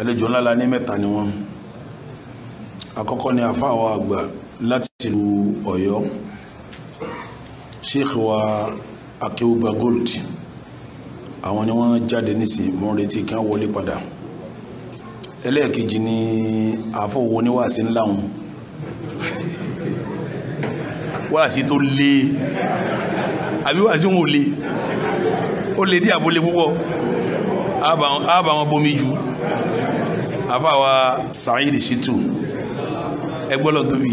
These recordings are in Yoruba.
ẹlẹ́jọ́ ńlá la ní mẹ́ta ni wọ́n àkọ́kọ́ ni àfáàwọ̀ àgbà láti ìlú Ọ̀yọ́ sheikh wa gold àwọn ni wọ́n jáde nísìn mọ́ retí kí wọ́n wọlé padà ẹlẹ́ẹ̀kejì ni àfọwọ́ oníwàásí ńlá wọn wàásí tó lé àbí wàásí wọn lé ó lé dí àbólé púpọ̀ àbàwọn bomi jù àfàwà Saheed Shittu ẹgbọ́lọ̀ tóbi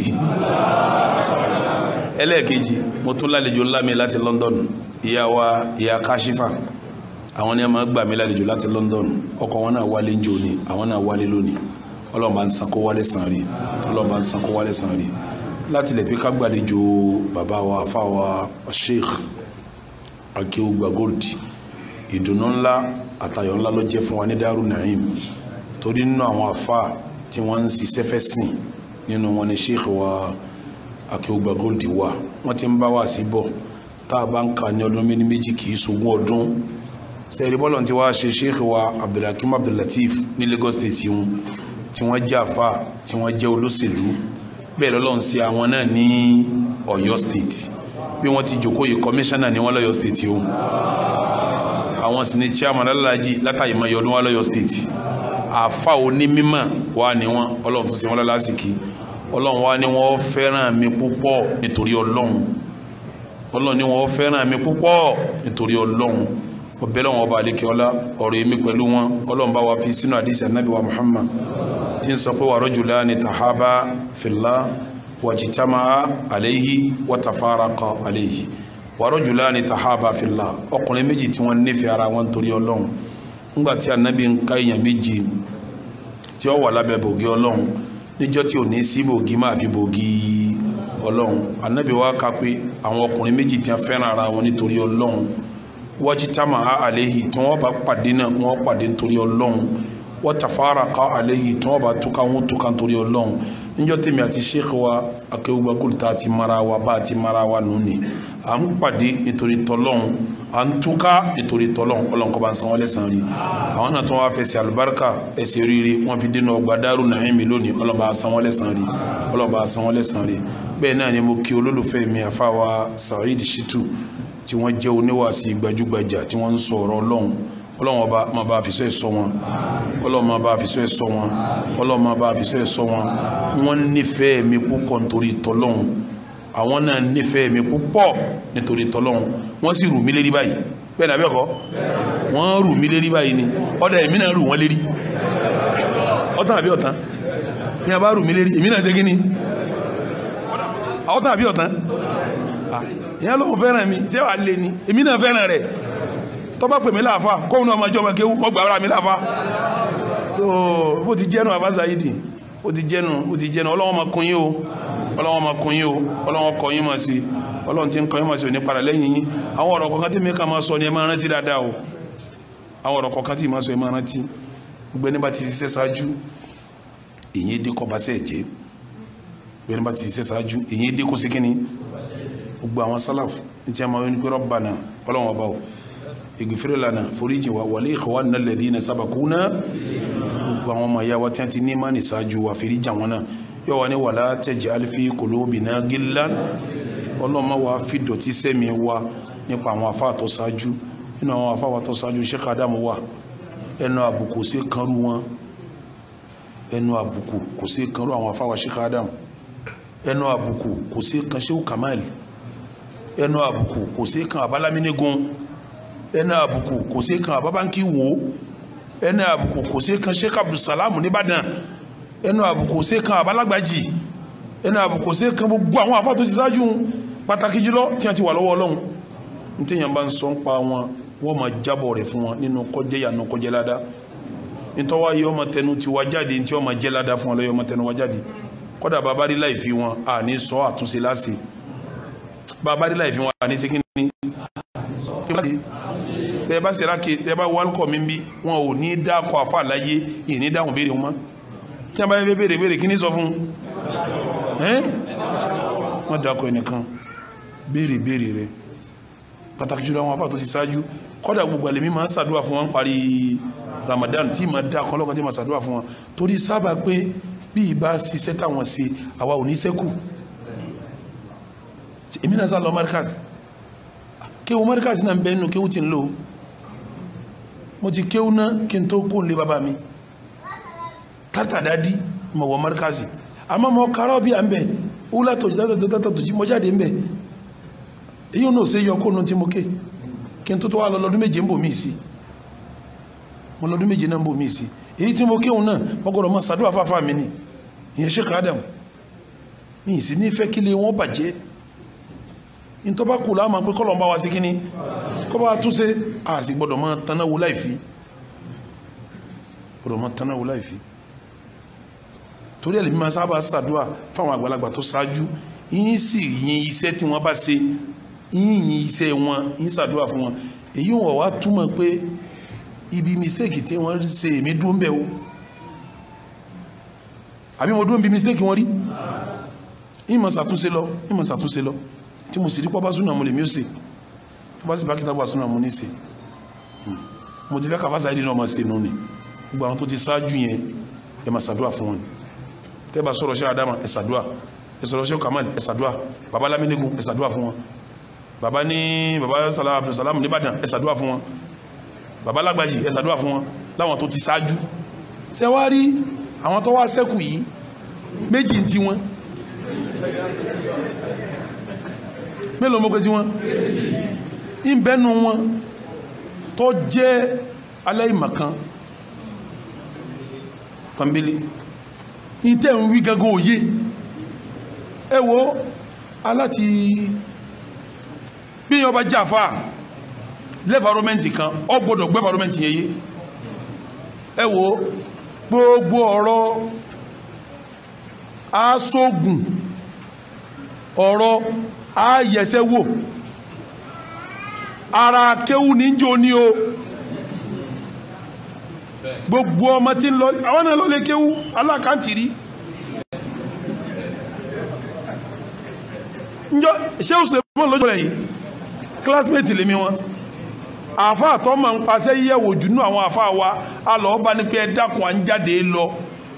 ẹlẹ́ẹ̀kejì mo tún lálejò ńlá mi láti London ìyá wa ìyá Kashifa àwọn ni a máa gbà mí lálejò láti London ọkọ wọn náà wálé njó ni àwọn náà wálé lónìí Ọlọ́run bá ń san kó wálé san rí Ọlọ́run bá ń san kó wálé san rí láti lè fi ká gbàlejò bàbá wa fáwa Sheikh akéwùgbà gold ìdùnnú ńlá àtayọ̀ ńlá ló jẹ́ fún wa ní Daaru Naim torí nínú àwọn afa tí wọ́n ń ṣiṣẹ́ fẹ́ sìn nínú wọn ni sheikh wa akéwùgbà gold wa wọ́n ti ń bá wá sí bọ̀ tá a bá ń ka ní ọdún méjì méjì kì í ṣogún ọdún sẹ́yìn bọ́lọ̀ tí wàá ṣe sheikh wa abdulhakeem abdulateef ní lagos state wọn tí wọ́n jẹ́ afa tí wọ́n jẹ́ olóṣèlú bẹ́ẹ̀ lọ́lọ́run sí àwọn náà ní ọ̀yọ́ state bí wọ́n ti jòkó yìí kọmíṣánná ni wọ́n lọ́yọ́ state o àwọn sì ni chairman aláàjì látàyè mọ́ yọdún wa state àfa onímímọ̀ wà ní wọn ọlọ́run tó ṣe wọn lásìkí ọlọ́run wà ní wọn fẹ́ràn mi púpọ̀ nítorí ọlọ́run ọlọ́run ní wọn fẹ́ràn mi púpọ̀ nítorí ọlọ́run ọbẹ̀ lọ́wọ́ ọba àlekè ọlá ọ̀rọ̀ èmi pẹ̀lú wọn ọlọ́run bá wa fi sínú àdìsí ànábì wa Muhammad tí ń sọ pé wàá rọ́jùlá ni tàhábà fìlà wàjìtàmà àléyìí wàtàfàràkọ àléyìí wàá rọ́jùlá ni tàhábà fìlà ọkùnrin méjì tí wọ́n nífẹ̀ẹ́ ara wọn torí ọlọ́run ńgbà tí ànábì èèyàn méjì tí ó wà lábẹ́ bògì ọlọ́run níjọ́ tí ò ní sí bògì máa fi bògì ọlọ́run anábì wa ká pé àwọn ọkùnrin méjì tí wọ́n fẹ́ràn ara wọn nítorí ọlọ́run wájú táwọn àléhì tí wọ́n bá pàdé náà wọ́n pàdé nítorí ọlọ́run wọ́n tàfàrà ká àléhì tí wọ́n bá túká wọn túká nítorí ọlọ́run níjọ́ tèmi àti sheikh wa akéwùgbàkùn tá ti mara wa bá a ti mara wa nù ní à ń pàdé nítorí tọ́lọ́run à ń túká nítorí tọ́lọ́n ọlọ́n kọba sanwó lẹ́sàn rí àwọn náà tó wá fẹsẹ̀ àlùbáríkà ẹsẹ̀ rírí wọ́n fi dínà ọgbà Daaru Naimi lónìí ọlọ́ba sanwó lẹ́sàn rí ọlọ́ba sanwó lẹ́sàn rí bẹ́ẹ̀ náà ni mo kí olólùfẹ́ mi àfáwa Saheed Shittu tí wọ́n jẹ́ oníwàásí gbajúgbajà tí wọ́n ń sọ ọ̀rọ̀ ọlọ́run ọlọ́run ọba máa bá àfisọ́ ẹ̀sọ́ wọn ọlọ́run máa bá àfisọ́ ẹ̀sọ́ wọn ọlọ́run máa bá àfisọ́ ẹ̀sọ́ wọn wọ́n nífẹ̀ẹ́ mi púpọ̀ nítorí tọ́lọ́run àwọn náà nífẹ̀ẹ́ mi púpọ̀ nítorí tọ́lọ́hún wọ́n sì rù mí lérí báyìí bẹ́ẹ̀ ni abẹ́ẹ̀kọ́ wọ́n rù mí lérí báyìí ni ọ̀dà èmi náà rù wọ́n lérí ọ̀tàn àbí ọ̀tàn ní a bá rù mí lérí èmi náà ṣe kí ni ọ̀tàn àbí ọ̀tàn ìyá lóhùn fẹ́ràn mi ṣé wàá lé ni èmi náà fẹ́ràn rẹ̀ tọ́ba pè mí láàfa kóhun náà máa jọ́ ọmọ kéwú mọ́gbà ara mi láàfa so bó ti jẹ́nu àbáṣá yìí dì ó ti jẹ́nu ó ti jẹ́nu ọlọ́wọ́n máa kun yín o ọlọ́wọ́n máa kun yín o ọlọ́wọ́n kọ yín máa sí ọlọ́run ti ń kọ yín máa sí òní padà lẹ́yìn yín àwọn ọ̀rọ̀ kọ̀ọ̀kan tí mi kà máa sọ ni ẹ máa rántí dáadáa o àwọn ọ̀rọ̀ kọ̀ọ̀kan tí mi máa sọ ẹ máa rántí gbogbo ẹni bá ti ṣiṣẹ́ ṣáájú èyí dé kọ́ basẹ́ jẹ́ gbogbo ẹni bá ti ṣiṣẹ́ ṣáájú èyí dé kó síkíní gbogbo àwọn sálàf tí a máa ń gbé rọ́bànà ọlọ́wọ́n ọba o ìgbìfẹ́rẹ́ lànà foríjì wa wàlẹ́ ìkọ̀wá nílẹ̀ dín ní sábà kú náà gbogbo àwọn ọmọ ìyá wa tí wọ́n ti ní mánì ṣáájú wa fèrè jà wọn náà yọ wa ní wàlá taj'al fi qulubina gillan ọlọ́mọ wa fi dọ̀tí sẹ́mi wa nípa àwọn afáà tó ṣáájú nínú àwọn afáà wa tó ṣáájú Sheikh Adam wà ẹnu àbùkù sí kanrú wọn ẹnu àbùkù kò sí kanrú àwọn afáà wa Sheikh Adam ẹnu àbùkù kò sí kan Sheikh Kamal ẹnu àbùkù kò sí kan abálámínígun ẹnu àbùkù kò sí kan abábánkì wò ẹnu àbùkù kò sí kan Sheikh Abdulsalam nìbàdàn ẹnu àbùkù ṣe kan àbálágbájì ẹnu àbùkù ṣe kan gbogbo àwọn àfáà tó ti ṣáájú pàtàkì jùlọ tí wọ́n ti wà lọ́wọ́ ọlọ́run ní téèyàn bá ń sọ ń pa wọn wọ́n máa jábọ̀ rẹ̀ fún wọn nínú kọjẹ́ yànà kọjẹ́ ládá nítorí wáyé ọmọ tẹnu ti wá jáde tí ọmọ jẹ́ ládá fún ọlọ́yẹ ọmọ tẹnu wá jáde kọ́dà bàbá rí láì fi wọn à ní sọ àtúnṣe láṣẹ bàbá rí láì fi wọn à ní sékí ní tẹ bá ṣe rákè tẹ bá wálkọ̀ mi bí wọn ò ní dákọ̀ àfà láyé ìní dáhùn béèrè wọn tí a bá yẹ bèèrè bèèrè kí ní sọ fún wọ́n dákọ̀ ẹnìkan bèèrè bèèrè rẹ̀ pàtàkì jùlọ àwọn afá tó ti ṣáájú kọ́dà gbogbo àlèmí máa ń sàdúwà fún wọn parí Ramadan tí máa dákọ̀ lọ́kàn tí máa sàdúwà fún wọn torí sábà pé bí ìbá ṣiṣẹ́ táwọn ṣe àwa ò ní sẹ́kù èmi náà sá lọ markaz kéwù markaz náà ń bẹ́ẹ̀ nù kéwù ti ń lò mo ti kéwù náà kí n tó kó lé bàbá mi tata dadi ma wọ markazi àmọ́ mọ karọ́ bí à ń bẹ̀ wúlá tòjú tátàtàtà tòjú mọ jáde ń bẹ̀ èyí ò náà ṣe yọ kóònù tí mo ké kí n tó tó wà lọ́dún méje ń bò mí sí mo lọ́dún méje náà ń bò mí sí èyí mo ké òun náà mo gbọ́dọ̀ mọ sàdúrà fáfá mi ni ìyẹn Sheikh Adam mi ì sí ní fẹ́ kílé wọn bàjẹ́ ní tó bá kù láàmà pé kọ́lọ̀ ń bá wa sí kíní kọ́ bá túnṣe àsìgbọ́dọ̀ mọ́ tanáwó láìfí gbọ́dọ̀ mọ́ tanáwó láìfí torí ẹ̀lẹ́mí máa sábà ṣàdúrà fáwọn àgbàlagbà tó ṣáájú yín sì yin iṣẹ́ tí wọ́n bá ṣe yín yin iṣẹ́ wọn yín ṣàdúrà fún wọn èyí wọ́n wá túmọ̀ pé ibi mistake tí wọ́n ṣe èmi dúró ń bẹ̀ o àbí mo dúró ń bi mistake wọn rí ìmọ̀ ṣàtúnṣe lọ ìmọ̀ ṣàtúnṣe lọ tí mo sì rí pọ́ bá súnà mo lè mí ó ṣe tó bá sì bá kíta bá súnà mo ṣe hmm. mo ti fẹ́ kàfáṣà ìdí náà máa ṣe nù ni gbogbo àwọn tó ti ṣáájú yẹn ẹ máa ṣàdúrà fún wọn ni tẹ́bà sọ̀rọ̀ ṣe adama ẹ̀sàdúà ẹ̀sọ̀rọ̀ ṣe kamal ẹ̀sàdúà baba laminigun ẹ̀sàdúà fún wọn baba ní baba abdulsalam nìbàdàn ẹ̀sàdúà fún wọn baba lágbàjì ẹ̀sàdúà fún wọn láwọn tó ti ṣáájú ṣe wá rí àwọn tó wá sẹ́kù yìí méjì ń ti wọn mélòó mọ́kẹ́ tí wọ́n ń bẹ́nu wọn tó jẹ́ aláìmọ̀kan pàmbélé ìtẹ́ ń wí gangan òye ẹ aláti bí yọba kan ọ gbọdọ gbẹ́fàrọ́mẹ́ntì yẹn yé gbogbo ọ̀rọ̀ aṣógun ọ̀rọ̀ ayẹsẹ́wò ara kéwù níjó o. gbogbo ọmọ tí ń lọ àwọn náà ló lè kéwú alákàntì rí njọ ṣé o sùlẹ̀ mọ́ lójú rẹ̀ yìí classmate lèmi wọn àfa àtọ́ máa ń paṣẹ́ yẹ̀wò jù nínú àwọn àfa wa alọ́ọ̀bá ni pé ẹ dákun à ń jáde lọ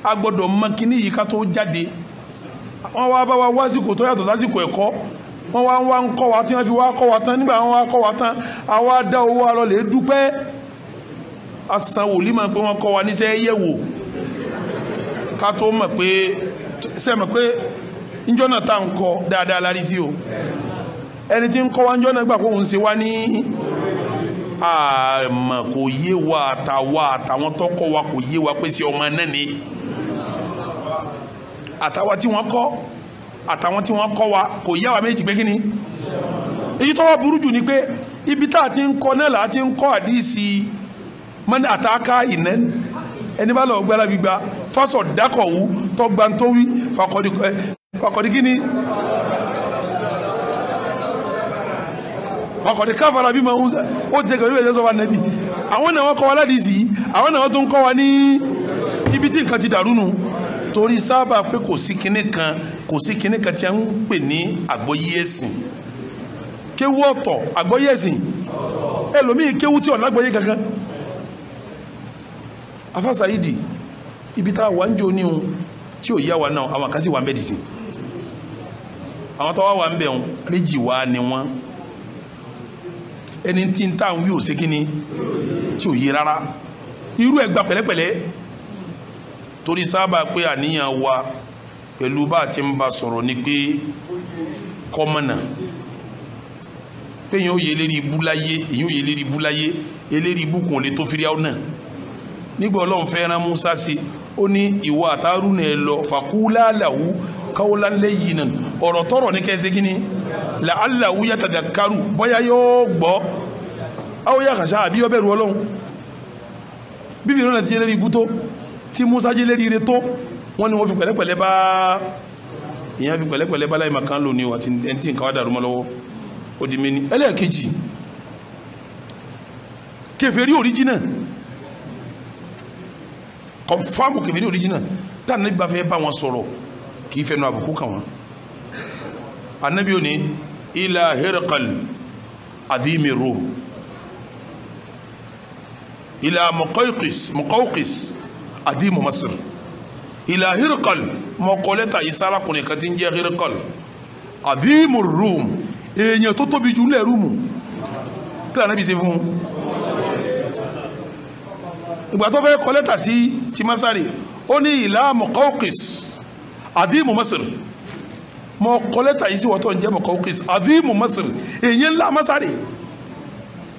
a gbọ́dọ̀ mọ kíní yìí ká tó jáde wọ́n wá bá wa wásìkò tó yàtọ̀ sásìkò ẹ̀kọ́ wọ́n wá ń wá ń kọ́ wa tí wọ́n fi wá kọ́ wa tán nígbà wọn wá kọ́ wa tán àwa dá owó alọ́lẹ̀ dúpẹ́ asan wòlí máa pé wọ́n kọ́ wa níṣẹ́ yẹ̀ wò ká tó mọ̀ pé sẹ́mọ̀ pé njọ́ náà tá à ń kọ dáadáa lárí sí o ẹni tí ń kọ́ wa njọ́ náà gbà kó ń ṣe wá ní àmọ́ kò yé wa àtàwa àtàwọn tó wa kò yé wa pé sí ọmọ náà ni àtàwa tí wọ́n kọ́ àtàwọn tí wọ́n kọ́ wa kò yá wa méjì pé kí ni èyí tó wá burú jù ni pé ibi tá a ti ń kọ́ náà là á ti ń kọ́ àdísì mọ́ni àtàkà ìnẹ́ ẹni bá lọ gbára gbígba fásọ̀ dákọ̀wú tọ́gbà tó wí fàkọ̀dí kí ni fàkọ̀dí káfàrà bí máa ń sẹ́ ó ti ṣẹ̀kẹ̀ orílẹ̀-èdè sọ́wọ́ nẹ́bí àwọn náà wọ́n kọ́ wa ládìí sí àwọn náà wọ́n tó ń kọ́ wa ní ibi tí nǹkan ti dàrú nù torí sábà pé kò sí kinní kan kò sí kinní kan tí a ń pè ní àgbọ́yé ẹ̀sìn kéwú ọ̀tọ̀ àgbọ́yé ẹ̀sìn ẹlòmíì kéwú tí ò lágbọ́yé kankan afáṣà yìí dì ibi tá a wà ń jò ní òun tí ò yá wa náà àwọn kan sì wà mẹ́dìsìn àwọn tó wà ń bẹ̀ òun méjì wá ni wọ́n ẹni tí ń tà ń wí ò sí kíni tí ò yé rárá irú ẹ̀ pẹ̀lẹ́pẹ̀lẹ́ torí sábà pé àníyàn wa pẹ̀lú bá a ti ń ba sọ̀rọ̀ ni pé kọ́mọ̀nà pé èyàn ò yé lérí ibú láyé èyàn ò yé lérí ibú láyé eléri ibú kùn lè tó firi àwọn náà nígbà ọlọ́run fẹ́ rán Musa sí ó ní ìwọ àtàrúnà ẹ lọ fàkúlà làwù qawlan layyinan ọ̀rọ̀ tọ̀rọ̀ ní kẹ́sẹ́ kí ni la'allahu yatadakkaru bọ́yá yóò gbọ́ aw yakhsha àbí ó bẹ̀rù ọlọ́run bíbí ìrọ̀nà ti lérí ibú tó tí Musa jẹ́ lérí ire tó wọ́n ní wọ́n fi pẹ̀lẹ́pẹ̀lẹ́ bá ìyẹn fi pẹ̀lẹ́pẹ̀lẹ́ bá láì màkán lò àti ẹni nǹkan wá dàrú lọ́wọ́ ó di mẹ́ni ẹlẹ́ẹ̀kejì kèfèrí original kọ̀nfàmù kẹfẹ́rí original tá ne bá fẹ́ bá wọn sọ̀rọ̀ kì í fẹnu àbùkù kàn wọn ànábì ò ní ilà herikal adimi rom ilà mọ̀kọ́ìkìs mọ̀kọ́ìkìs adimu masir ilà herikal mọ̀kọ́lẹ́ta ìsárakùnrin kan ti ń jẹ́ herikal adimu rom èèyàn tó tóbi jù lẹ́rùmù kí lànà bí ṣe fún un ìgbà tó fẹ́ kọ lẹ́tà sí ti masari ó ní ìlà mọ̀kọ́kìs àbímù masiri mọ̀ kọ lẹ́tà yìí sí wọ́tọ̀ ń jẹ́ mọ̀kọ́kìs àbímù masiri èyí ńlá masari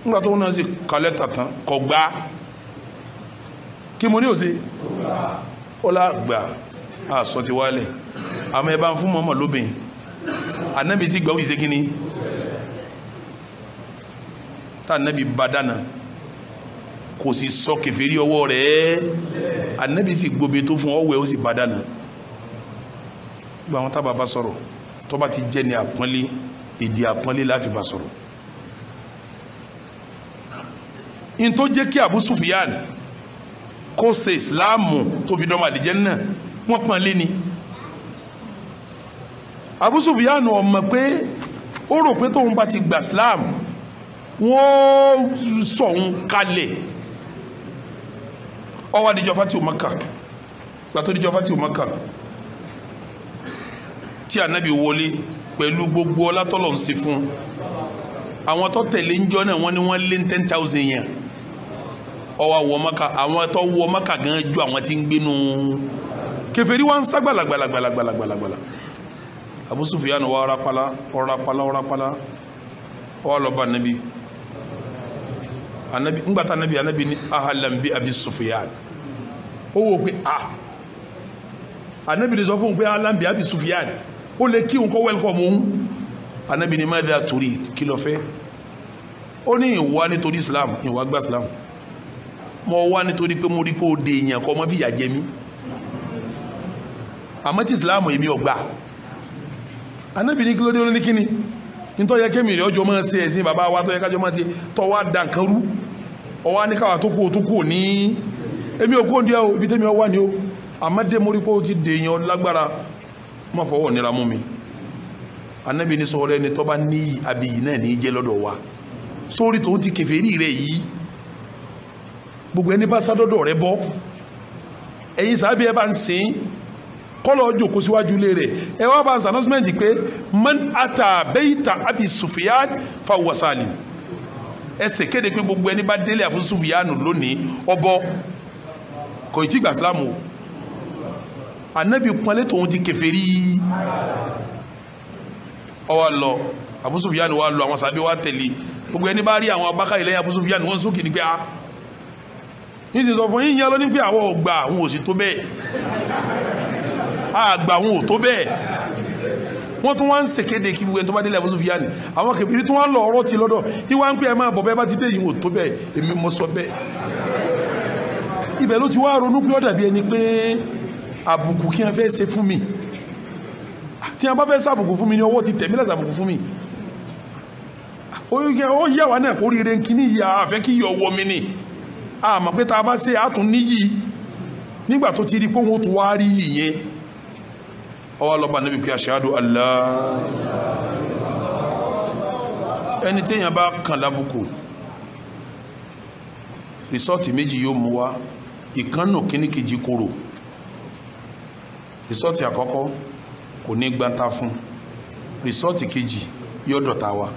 nígbà tó náà sì kọ lẹ́tà tán kọ gbá kí mo ní òsè ó gbà á sọ ti wálẹ̀ àmọ́ ẹ bá ń fún mọ́mọ́ lóbìn ànábi gbà ó sì ṣe kínní tá ànábi bá dáná kò sì sọ kèfèrí ọwọ́ rẹ̀ ànábì sì gbomi tó fún ọwẹ́ ó sì bá dànù gbogbo àwọn tábà bá sọ̀rọ̀ tó bá ti jẹ́ ní àpọ́nlé èdè àpọ́nlé láfi bá sọ̀rọ̀ in tó jẹ́ kí Abu Sufyan kó ṣe ìsìláàmù tó fi dọ́mọ àdìjẹ́ náà wọ́n pọ́n lé ni Abu Sufyan ọmọ pé ó rò pé tóun bá ti gbà ìsìláàmù wọ́n sọ̀hún kalẹ̀ ó wá dijọ́ umaka gbàtó dijọ́ fati umaka tí anabi wọlé pẹ̀lú gbogbo ọlátọ́lọ̀ ń ṣe fún àwọn tó tẹ̀lé ń jọ náà wọ́n ní wọ́n lé ten thousand yẹn ó wá wọ maka àwọn tó wọ maka gan ju àwọn tí ń gbénu kèfèrí wa ń sá gbalagbalagbalagbalagbala Abu Sufyan wa rapala rapala rapala ó wá anabi anabi ńgbàtà anabi anabi ní ahalambi Abi Sufyan ó wò pé à ah, ànábì ní sọ fún un pé alambi abi Sufyan ó lè kí òun kọ́ wẹ́lkọ̀mù òun ànábì ní mẹ́ta torí kí lọ fẹ́ ó ní ìwà nítorí Islam ìwà gba Islam mo wá nítorí pé mo rí pé ó de èèyàn kọ́ mọ́ fìyà jẹ mí àmọ́ tí Islam èmi ọgbà ànábì ní kí ló dé ó ní kíni nítorí yẹ kémi rẹ̀ ọjọ́ máa ṣe ẹ̀sìn bàbá wa tó yẹ kájọ́ máa ṣe tọ́ wá dà rú ọwọ́ á ní káwà tó kú ó tó kú ní èmi òkú òǹdíà o ibi tẹ́mi wà ní o àmọ́dé mo rí pé ó ti dèèyàn lágbára má fọwọ́ nira mú mi anábì ní sọ̀rọ̀ ẹni tó bá níyì abiyì náà ní í jẹ́ lọ́dọ̀ wa sórí tòun ti kèfèrí rẹ̀ yìí gbogbo ẹni bá sádọ́dọ̀ rẹ bọ́ ẹ̀yin sábẹ́ ẹ bá ń sìn kọ́lọ̀ jòkó síwájú ilé rẹ̀ ẹ wá bá ń sànọ́símẹ́ǹtì pé man ata bẹ́yìtà abi Sufyan fa wasalim ẹsẹ̀ kéde pé gbogbo ẹni bá délé àfún Sufyan lónìí ọbọ̀ kò tí gbà sílámù o anabi pọnlé tòun ti kèfèrí ọwọ́ lọ Abu Sufyan wa lọ àwọn sàbí wa tẹ̀lé gbogbo ẹni bá rí àwọn abáká ilẹ̀ Abu Sufyan wọ́n sókè ní pé a ah. ní ti sọ fún yín yẹn lọ ní pé àwọn ò àwọn ò tó bẹ́ẹ̀ àgbà àwọn ò tó bẹ́ẹ̀ wọ́n tún wá ń ṣèkéde kí gbogbo ẹni tó bá délé Abu Sufyan àwọn kèfèrí tún wá lọ ọ̀rọ̀ ti lọ́dọ̀ tí wọ́n ń pè ẹ máa bọ̀ bẹ́ẹ̀ bá ti dé yìí ò tó bẹ́ẹ̀ èmi mọ sọ bẹ́ẹ̀ ibẹ̀ ló ti wá ronú pé ó dàbí ẹni pé àbùkù kí wọ́n fẹ́ ṣe fún mi tí wọ́n bá fẹ́ ṣàbùkù fún mi ni ọwọ́ ti tẹ̀mí láti àbùkù fún mi ó yẹ wà náà kórìíre kíní yà á fẹ́ kí yọ wọ mi ni àmọ́ pé tá a bá ṣe àtún níyì nígbà tó ti rí pé òun ó tún wá rí yìí yẹn ọwọ́ lọ́ba níbi pé aṣáájú Allah ẹni téèyàn bá kàn lábùkù rìsọ́ọ̀tì méjì yóò mú wá ìkánnù kíní kejì korò rìsọ́ọ̀tì àkọ́kọ́ kò ní gbanta fún rìsọ́ọ̀tì kejì yóò dọ̀tá wa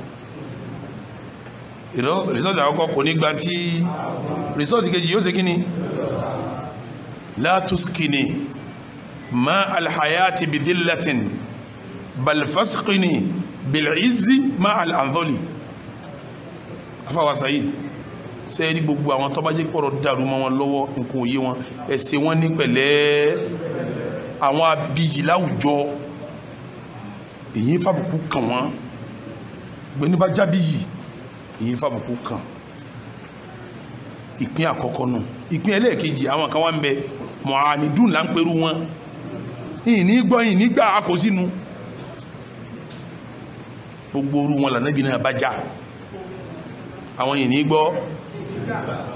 rìsọ́ọ̀tì àkọ́kọ́ kò ní gbantí rìsọ́ọ̀tì kejì yóò ṣe kíni látuskini ma alhayati bidillatin balfaskini bil'izzi ma al'anzoli afawa sẹ́ẹ̀rí gbogbo àwọn tó bá jẹ́ pọ̀rọ̀ dàrú mọ́ wọn lọ́wọ́ nǹkan òye wọn ẹ̀sẹ̀ wọn ní pẹ̀lẹ́ àwọn abiyì láwùjọ èyí fàbùkù kàn wọ́n gbẹ̀nibájábíyì èyí fàbùkù kàn ìpín àkọ́kọ́ nù ìpín ẹlẹ́ẹ̀kejì àwọn kan wá ń bẹ mọ̀ánidùn là ń perú wọn ìní gbọ́ ìní gbà akọ sínú gbogbo orú wọn lànà ìbí náà àwọn ìní gbọ́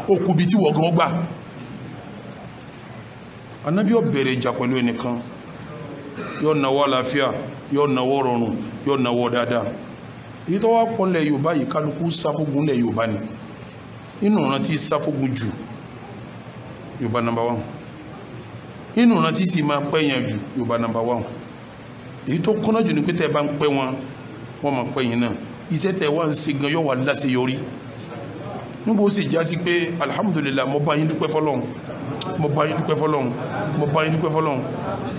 okùnbi tí wọ́n gbà anábí ó bẹ̀rẹ̀ ìjà pẹ̀lú ẹnìkan yóò nawọ́ àlàáfíà yóò nawọ́ rọrùn yóò nawọ́ dáadáa èyí tó wá pọ̀ lẹ̀ yorùbá yìí kálukú sáfógun lẹ̀ yorùbá ni inú ìran tí sáfógun jù yorùbá nàmbà wà inú ìran tí sì máa pẹ̀yàn jù yorùbá nàmbà wà èyí tó kọ́nà jù ní pé tẹ́ bá ń pẹ́ wọn wọ́n máa pẹ̀yìn náà iṣẹ́ tẹ́ wá ń ṣe gan yóò wà láṣeyọrí níbo sì já sí pé alhamdulillah mo bá yín dúpẹ́ fọlọ́hún mo bá yín dúpẹ́ fọlọ́hún mo bá yín dúpẹ́ fọlọ́hún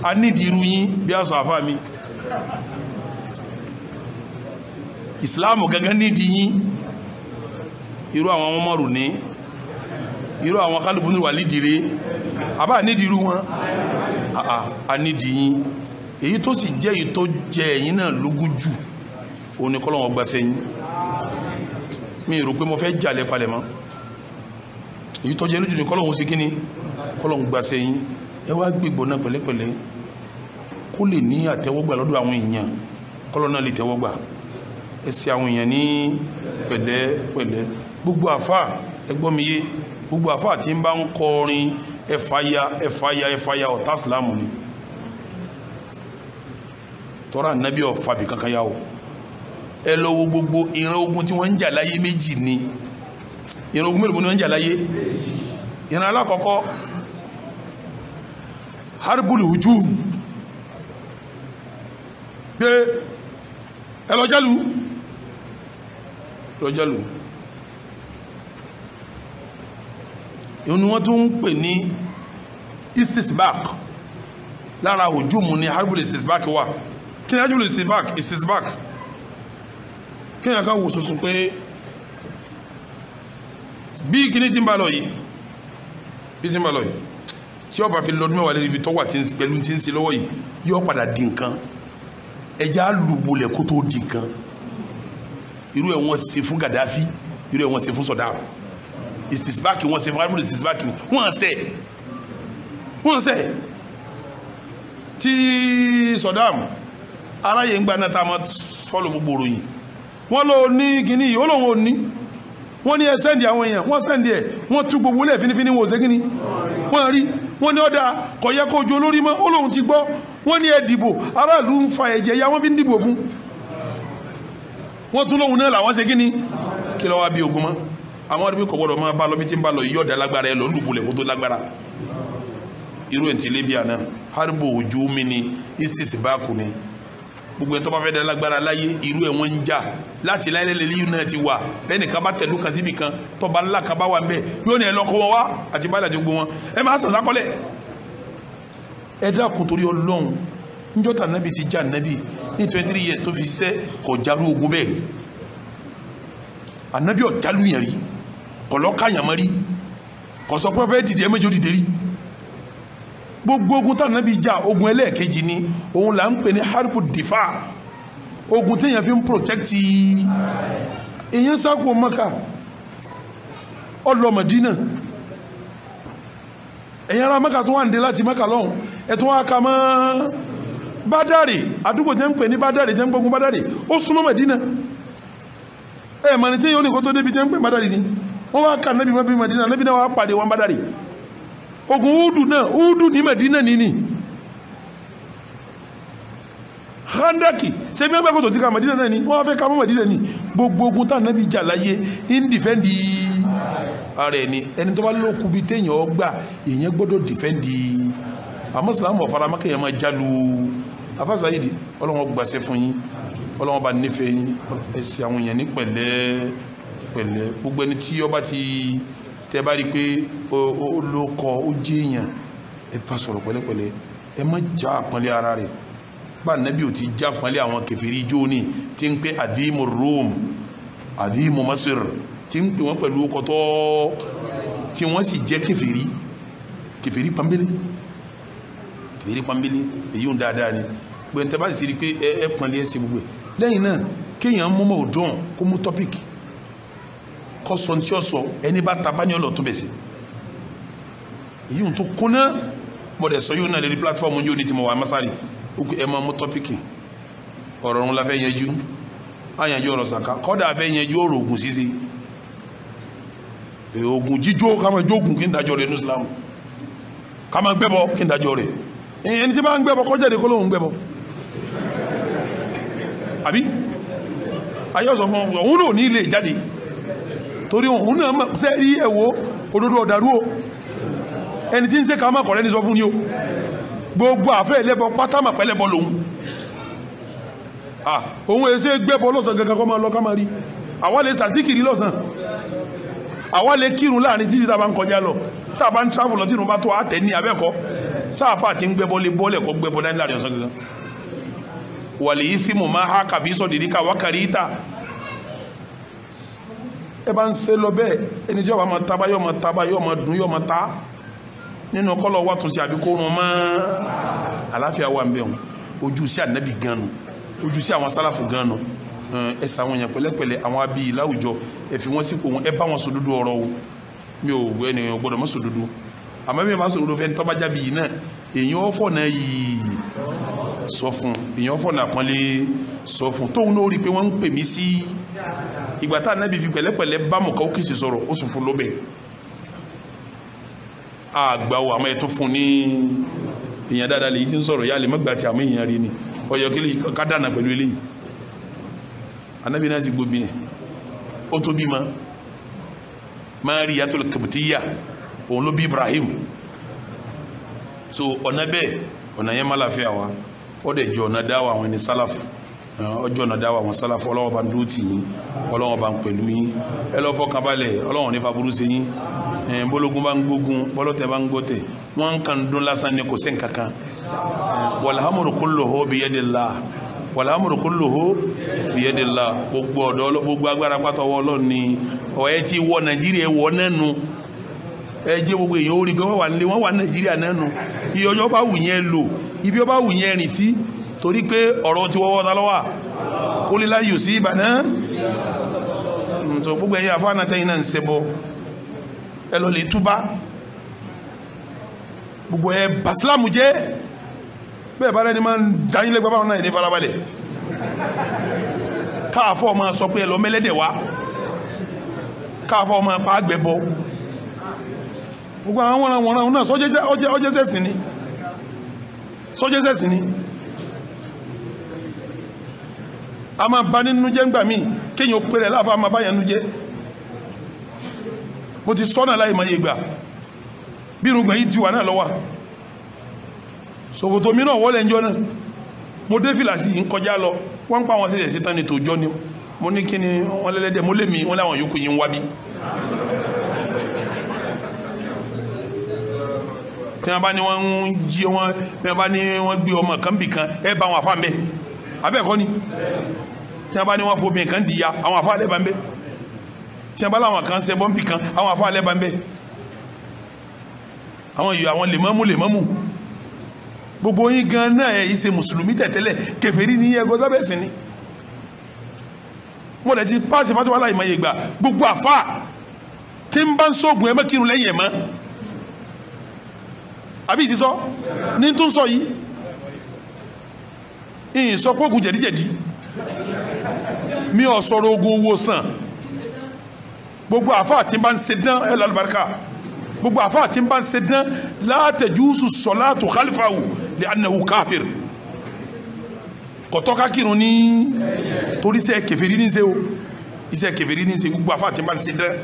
a nídìí irú yín bí àṣọ àfa mi ìsìláàmù gangan nídìí yín irú àwọn ọmọ márùn ní irú àwọn kálùbùnú wà lídìí àbá nídìí irú wọn a nídìí yín èyí tó sì jẹ́ èyí tó jẹ ẹ̀yìn náà lógún jù òun ni kọ́lọ́wọ́n gbàṣẹ́yìn mi rò pé mo fẹ́ jalè palẹ̀ mọ́ èyí tọ́jú ẹnu jù ní kọ́lọ́hún sí kíní kọ́lọ́hún gba sẹ́yìn ẹ wá gbégbó náà pẹ̀lẹ́pẹ̀lẹ́ kó lè ní àtẹ́wọ́gbà lọ́dọ̀ àwọn èèyàn kọ́lọ́ lè tẹ́wọ́gbà ẹ àwọn èèyàn ní pẹ̀lẹ́pẹ̀lẹ́ gbogbo àfa ẹgbọ́n mi yé gbogbo àfa àti ń bá ń kọrin ẹfàyà ẹfàyà ẹfàyà ọ̀tá ìsìlámù ni tọ́ra nàbí ọ̀fàbì kankan yà wò ẹ lọ wo gbogbo ìran ogun tí wọ́n ń jà láyé méjì ni ìran ogun mélòó ni wọ́n ń jà láyé ìran alákọ̀ọ́kọ́ harbulu hujú pé ẹ lọ ìhun wọ́n tún ń pè ní istisbak lára hujú mu ni harbulu istisbak wà kí ni harbulu istisbak istisbak. istisbak kí èèyàn kan wò sùsùn pé bí kíní ti ń bá lọ yìí bí ti ń bá lọ yìí tí ó bá fi lọ́dún mẹ́wàá lérí ibi tó wà pẹ̀lú tí ń ṣe lọ́wọ́ yìí yóò padà di nǹkan ẹja lùgbòlẹ̀ kó tó di nǹkan irú ẹ̀ wọ́n ṣe fún Gaddafi irú ẹ̀ wọ́n ṣe fún Saddam istisbaki wọ́n ṣe fún arúgbó istisbaki wọ́n ṣe wọ́n ṣe tí Saddam aráyé ń gbaná tá a máa fọ́lọ̀ gbogbo ròyìn wọ́n ló ní gíní yìí ó lóun ò ní wọ́n ní ẹ sẹ́ndì àwọn èèyàn wọ́n sẹ́ndì ẹ̀ wọ́n tú gbogbo lẹ̀ fínífíní wò ṣe kíní wọ́n rí wọ́n ní ọ̀dà kò yẹ kó ju olórí mọ́ ó lóun ti gbọ́ wọ́n ní ẹ dìbò aráàlú ń fa ẹ̀jẹ̀ ya wọ́n fi ń dìbò fún wọ́n tún lóun náà làwọn ṣe kíní kí lọ́wọ́ bí ogun mọ́ àwọn arúgbó kò gbọ́dọ̀ máa bá lọ bí tí ń bá lọ yí ọ̀dà lágbára ẹ lọ lùbùlẹ̀ kó tó lágbára irú ẹ̀ ti Libya náà haribo ojú mi ni istis báàkù ni gbogbo ẹni tó bá fẹ́ dára lágbára láyé irú ẹ̀ wọ́n ń jà láti láìlẹ́lẹ́ líyù náà ti wà lẹ́nìkan bá tẹ̀lú kan síbi kan tọ́ba ńlá kan bá wà ń bẹ̀ yóò ní ẹ lọ́kọ́ wọn wá àti bá ìdàjọ́ gbogbo wọn ẹ máa sàn sákọ́lẹ̀ ẹ dákun torí ọlọ́run níjọ́ta nábì ti já nábì ní twenty three years tó fi ṣiṣẹ́ kò jarú ogun bẹ́ẹ̀ ànábì ọ̀jálù yẹn rí kọ̀lọ́kàyàn mọ́ rí kọ̀sọ́pọ̀ fẹ́ dìde méjì ó dìde rí gbogbo ogun táwọn nàbí jà ogun ẹlẹ́ẹ̀kejì ni òun là ń pè ní haripu difa ogun téèyàn fi ń protecti èyàn sáko maka ọlọ Madina èyàn ara maka tó wà nídé láti maka lọ́hùn ẹ̀tún wà ká mọ́ bádàrí àdúgbò tẹ́ ń pè ní bádàrí tẹ́ ń gbógun bádàrí ó súnmọ́ Madina ẹ̀ mọ̀ ní téèyàn ó ní kó tó débi tẹ́ ń pè bádàrí ni wọ́n wá ká nàbí mọ́ bí Madina nàbí náà wà pàdé wọn bádàrí ogun údù náà údù ní Mẹ̀dínà níní handaki ṣe bí ẹgbẹ́ kòtò tí ká Mẹ̀dínà náà ní wọ́n fẹ́ ká mọ́ Mẹ̀dínà ní gbogbo ogun tá nàbí jà láyé ń dìfẹ́ndì ara ẹni ẹni tó bá lókun bíi téèyàn ọgbà èèyàn gbọ́dọ̀ dìfẹ́ndì àmọ́ sàlámù ọ̀fara mákèèyàn máa jálu afásà yìí ọlọ́wọ́n gbàṣẹ fún yín ọlọ́wọ́n bá nífẹ̀ẹ́ yín ẹ̀sìn àwọn èèyàn ní pẹ̀lẹ́ pẹ̀lẹ́ gbogbo ẹni tí ọba ti tẹ bá rí i pé ó ló kọ ó jẹ́ èèyàn ẹ bá sọ̀rọ̀ pẹ̀lẹ́pẹ̀lẹ́ ẹ má já àpọ́nlé ara rẹ̀ bá nàbí ò ti já àpọ́nlé àwọn kẹfìrí jóni tí ń pé àdìmù Rome àdìmù Masir tí ń pè wọ́n pẹ̀lú kọ́tọ́ tí wọ́n sì jẹ́ kẹfìrí kẹfìrí pambélé kẹfìrí pambélé èyí ń dáadáa ni gbẹ̀ntẹ́ bá sì rí i pé ẹ pọ́nlé ẹ ṣe gbogbo lẹ́yìn náà kéèyàn mọ́mọ́ ò dùn kó mú tọ́pìkì kọsọ ntí ọsọ ẹni bá ta bá ní ọlọ tó bẹ sí èyí tó kúnná mọdẹ sọ yóò náà lórí platform yóò ní tìmọ̀ wà masari ẹ máa mú tọ́pìkì ọ̀rọ̀ ọ̀run la fẹ́ yẹjú àyànjú ọ̀rọ̀ sàká kọ́dà fẹ́ yẹjú ọ̀rọ̀ ògùn ṣíṣe ògùn jíjó kàmá jógùn kí n dájọ́ rẹ̀ ní Islam kàmá gbẹ́bọ kí n dájọ́ rẹ̀ ẹni tí bá ń gbẹ́bọ kọjá ìdíkọ́ lóhùn gbẹ́bọ àbí ayé ọ̀sán fún òun náà ní ilé ìjáde torí òun náà mọ̀ sẹ́ rí ẹ̀wọ́ òdodo ọ̀dàrú o ẹni tí ń ṣe kàmọ́ kọ̀rẹ́ ní sọ fún ni o gbogbo àfẹ́ ẹlẹ́bọ pátámà pẹ́lẹ́bọ lòun òun èsè gbẹ́bọ lọ́sàn gangan kọ́ máa lọ ká rí àwa lè sàsíkìrì lọ́sàn àwa lè kírun láàrin títí tá a bá travel lọ tínú bá tó àtẹ ní abẹ́kọ́ sáàfà àti ń gbẹ́bọ lè bọ́lẹ̀ kọ́ gbẹ́bọ dání láàrin máa há kàbí sọ̀dìdí wákàrí ìta ẹ bá ń ṣe lọ bẹ́ẹ̀ ẹni tí ọba máa ta bá yọ máa ta bá yọ máa dùn yọ máa ta nínú kọ́lọ̀ wà tún sí àbíkó rún mọ́ àláfíà wà ń bẹ̀ wọn ojú sí ànábì gan nu ojú sí àwọn sálàfù gan nu ẹ sàwọn èèyàn pẹ̀lẹ́pẹ̀lẹ́ àwọn abiyì láwùjọ ẹ fi wọn sípò wọn ẹ bá wọn sòdodo ọ̀rọ̀ o mi ò gbọ́ ènìyàn gbọ́dọ̀ mọ́ sòdodo àmọ́ mi máa sòdodo fẹ́ni tọ́ jábì yìí náà èèyàn ọ̀fọ̀ náà yìí sọ fún èèyàn ọ̀fọ̀ náà pọ́nlé sọ fún tóun náà rí i pé wọ́n ń pè mí sí i ìgbà tá ànábì fi pẹ̀lẹ́pẹ̀lẹ́ bá mọ̀ká òkè sì sọ̀rọ̀ ó sì fún lóbẹ̀ àgbà wo àmọ́ ẹ tó fún ní èèyàn dáadáa lèyí tí ń sọ̀rọ̀ yá lè mọ́gbà tí àmọ́ èèyàn rí ni ọyọ kí ká dànà pẹ̀lú eléyìí ànábì náà sì gbóbi yẹn ó tó bí ma Maria tó lè kìbìtìyà òun ló bí Ibrahim so ọ̀nà bẹ́ẹ̀ ọ̀nà yẹn má láfíà wa ó dẹ̀ jẹ́ ọ̀nà dáwà àwọn ẹni sálàfù ọjọ́ nàdá wa wọn sálàfọ́ ọlọ́wọ́ bá ń dúró tì yín ọlọ́wọ́ bá ń pẹ̀lú yín ẹ lọ fọkàn balẹ̀ ọlọ́wọ́ nípa burú sí yín bọ́lógún bá ń gbógun bọ́lọ́tẹ̀ bá ń gbọ́tẹ̀ wọ́n ń kàn dún lásán ní kò sẹ́ǹ kankan wàlhámùrù kulluhu biyadillah wàlhámùrù kulluhu biyadillah gbogbo ọ̀dọ́ gbogbo agbára pátọ́wọ́ ọlọ́ni ọ̀ ẹ ti wọ nàìjíríà wọ nẹ́nu ẹ jẹ́ gbogbo èèyàn ó rí wà nílé wọ́n wà nàìjíríà nẹ́nu iye ọjọ́ bá wù yẹn lò ibi ọba wù yẹn rìn sí torí pé ọ̀rọ̀ ti wọ́wọ́ tálọ́wà kó lílá yìí sí ìbànú tó gbogbo ẹ̀yà fáànà tẹ́yìn náà ń ṣẹbọ ẹ lọ lè túbá gbogbo ẹ bàsílámù jẹ́ bẹ́ẹ̀ bá rẹ́ni máa ń dáyín lẹ́gbẹ́ báwọn náà ní farabalẹ̀ káàfọ́ máa sọ pé ẹ lọ ni sọ́jẹ́sẹ̀sìn ni a máa ba nínú jẹ́ ńgbà míì kéèyàn péré láfa máa báyàn nínú jẹ́ mo ti sọ́nà láì máa yé gbà bí irùngbọ̀n yìí ti wà náà lọ́wọ́ ṣòkòtò mìíràn wọ́lẹ̀ ń jọ náà mo dé fìlà sí ń kọjá lọ wọ́n ń pa àwọn ṣẹ̀ṣẹ̀ sítan ní tòjọ́ ni mo ní kí ni wọ́n lẹ́lẹ́dẹ̀ mo lè mi wọ́n láwọn yòókù yìí ń wá bí. tí wọ́n bá ní wọ́n ń jí wọ́n bí wọ́n bá ní wọ́n gbé ọmọ kan bì kan ẹ bá wọn àfa mẹ́ abẹ́ẹ̀kọ́ ni tí wọ́n bá ní wọ́n fo obìnrin kan dìyà àwọn àfa alẹ́ bá ń bẹ́ tí wọ́n bá láwọn kan ṣe bọ́ǹpì kan àwọn àfa alẹ́ bá ń bẹ́ àwọn yòó àwọn lèmọ́mù lèmọ́mù gbogbo yín gan náà ẹ̀ yìí ṣe mùsùlùmí tẹ̀tẹ́lẹ̀ kèfèrí ní ẹgbẹ́ sábẹ́sì ni mo dẹ̀ ti páàsì fatiwa láì máa yẹ gbà gbogbo àfa tí ń bá ń sóògùn ẹ mẹ́kìrún lẹ́yìn ẹ̀ mọ́ àbí ìtisọ́ ní tún sọ yìí ìyìn sọ pé oògùn jẹ̀díjẹ̀dí mi ò sọ̀rọ̀ ogun owó sàn gbogbo àfa àti bá ń ṣe dán ẹ lọ àlùbáríkà gbogbo àfa àti bá ń ṣe dán látẹjúùsù sọláàtù khalifahu lè anahu káfíìr kọtọ́ka kírun ní torí sẹ́ kẹfẹ́rí ní ṣe o iṣẹ́ kẹfẹ́rí ní ṣe gbogbo àfa àti bá ń ṣe dán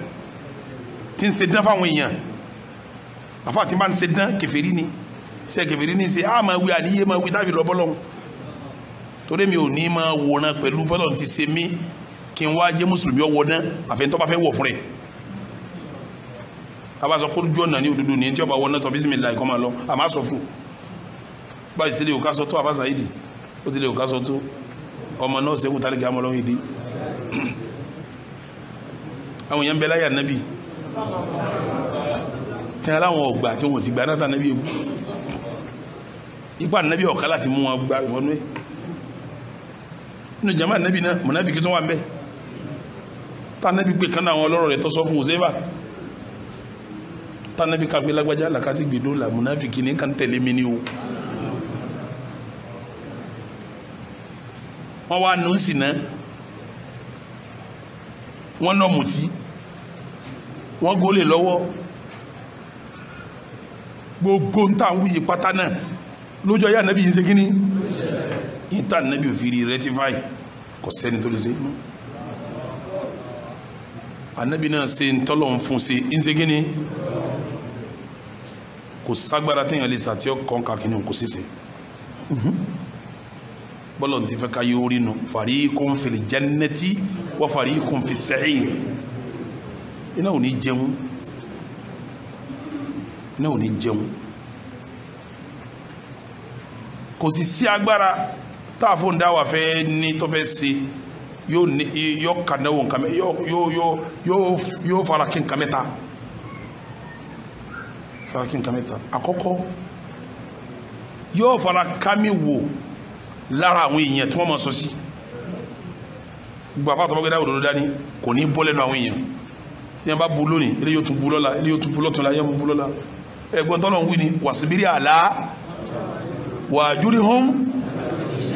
tí ń ṣe dán fáwọn èèyàn àfa àti bá ń ṣe dán kẹfẹ́rí ní iṣẹ́ kẹfẹ́rí ní ṣe àmà wí àníyé máa wí táfi lọ́bọ́lọ́hún torí mi ò ní máa wòran pẹ̀lú bọ́lọ̀ ti ṣe mí kí n wá jẹ́ mùsùlùmí ọwọ́ náà àfẹ́ntọ́ bá fẹ́ wọ̀ fún rẹ̀ àbá sọ pé ojú ọ̀nà ní òdodo ní tí ọba wọ náà tọ́ bismillah kọ́ máa lọ àmá sọ fún báyìí sílé òkà sọ tó àbá sàyídì ó ti lè òkà sọ tó ọmọ náà sẹ́kù tálíkì àmọ́ lọ́wọ́ èdè àwọn èèyàn ń bẹ láyé tí wọn ọgbà tí wọn sì gbà náà tà ipa ànábì ọ̀ká láti mú wọn gbà ìwọ́nú ẹ̀ nínú jama anabi náà mọ̀nàfíkì tó wà ń bẹ tànàbí pé kan àwọn ọlọ́rọ̀ rẹ̀ tó sọ fún òsèbà tànàbí kàgbé lágbájá làkásí gbèdó là mọ̀nàfíkì ní kan tẹ̀lé mi ni o wọ́n wá nù sí náà wọ́n nà mùtí wọ́n gólè lọ́wọ́ gbogbo ń tà ń pátá náà lójọ́ yá anabi yìí ń ṣe kínní ìta nẹ́bí òfìrí rectify kò sẹ́ni tó lè ṣe anabi náà ṣe ntọ́lọ̀ ń fún ṣe ń ṣe kíni kò ságbára téèyàn lè sàtí ọkàn kàkínní kò ṣeṣe mhm. bọ́lọ̀ ti fẹ́ ká yóò rí nu fariqun fil jannati wa fariqun fis sa'ir iná ò ní jẹun iná ò ní jẹun kò sì sí agbára táàfóun dáwà fẹ́ ní tó fẹ́ ṣe yóò ní yóò kànáwó nǹkan mẹ́ yóò yóò yóò yóò fara kí nǹkan mẹ́ta fara kí nǹkan mẹ́ta àkọ́kọ́ yóò fara kámi wò lára àwọn èèyàn tí wọ́n máa sọ sí gbogbo àfáà tọ́gbọ́gẹ́dá òdòdó dání kò ní bọ́ lẹ́nu àwọn èèyàn yẹn bá bu lónìí ilé yóò tún bu lọ́la ilé yóò tún bu lọ́tún la yẹn bu lọ́la ẹ̀gbọ́n tọ́lọ̀ ń wí ni wàsíbírí àlá wàjúrí hóm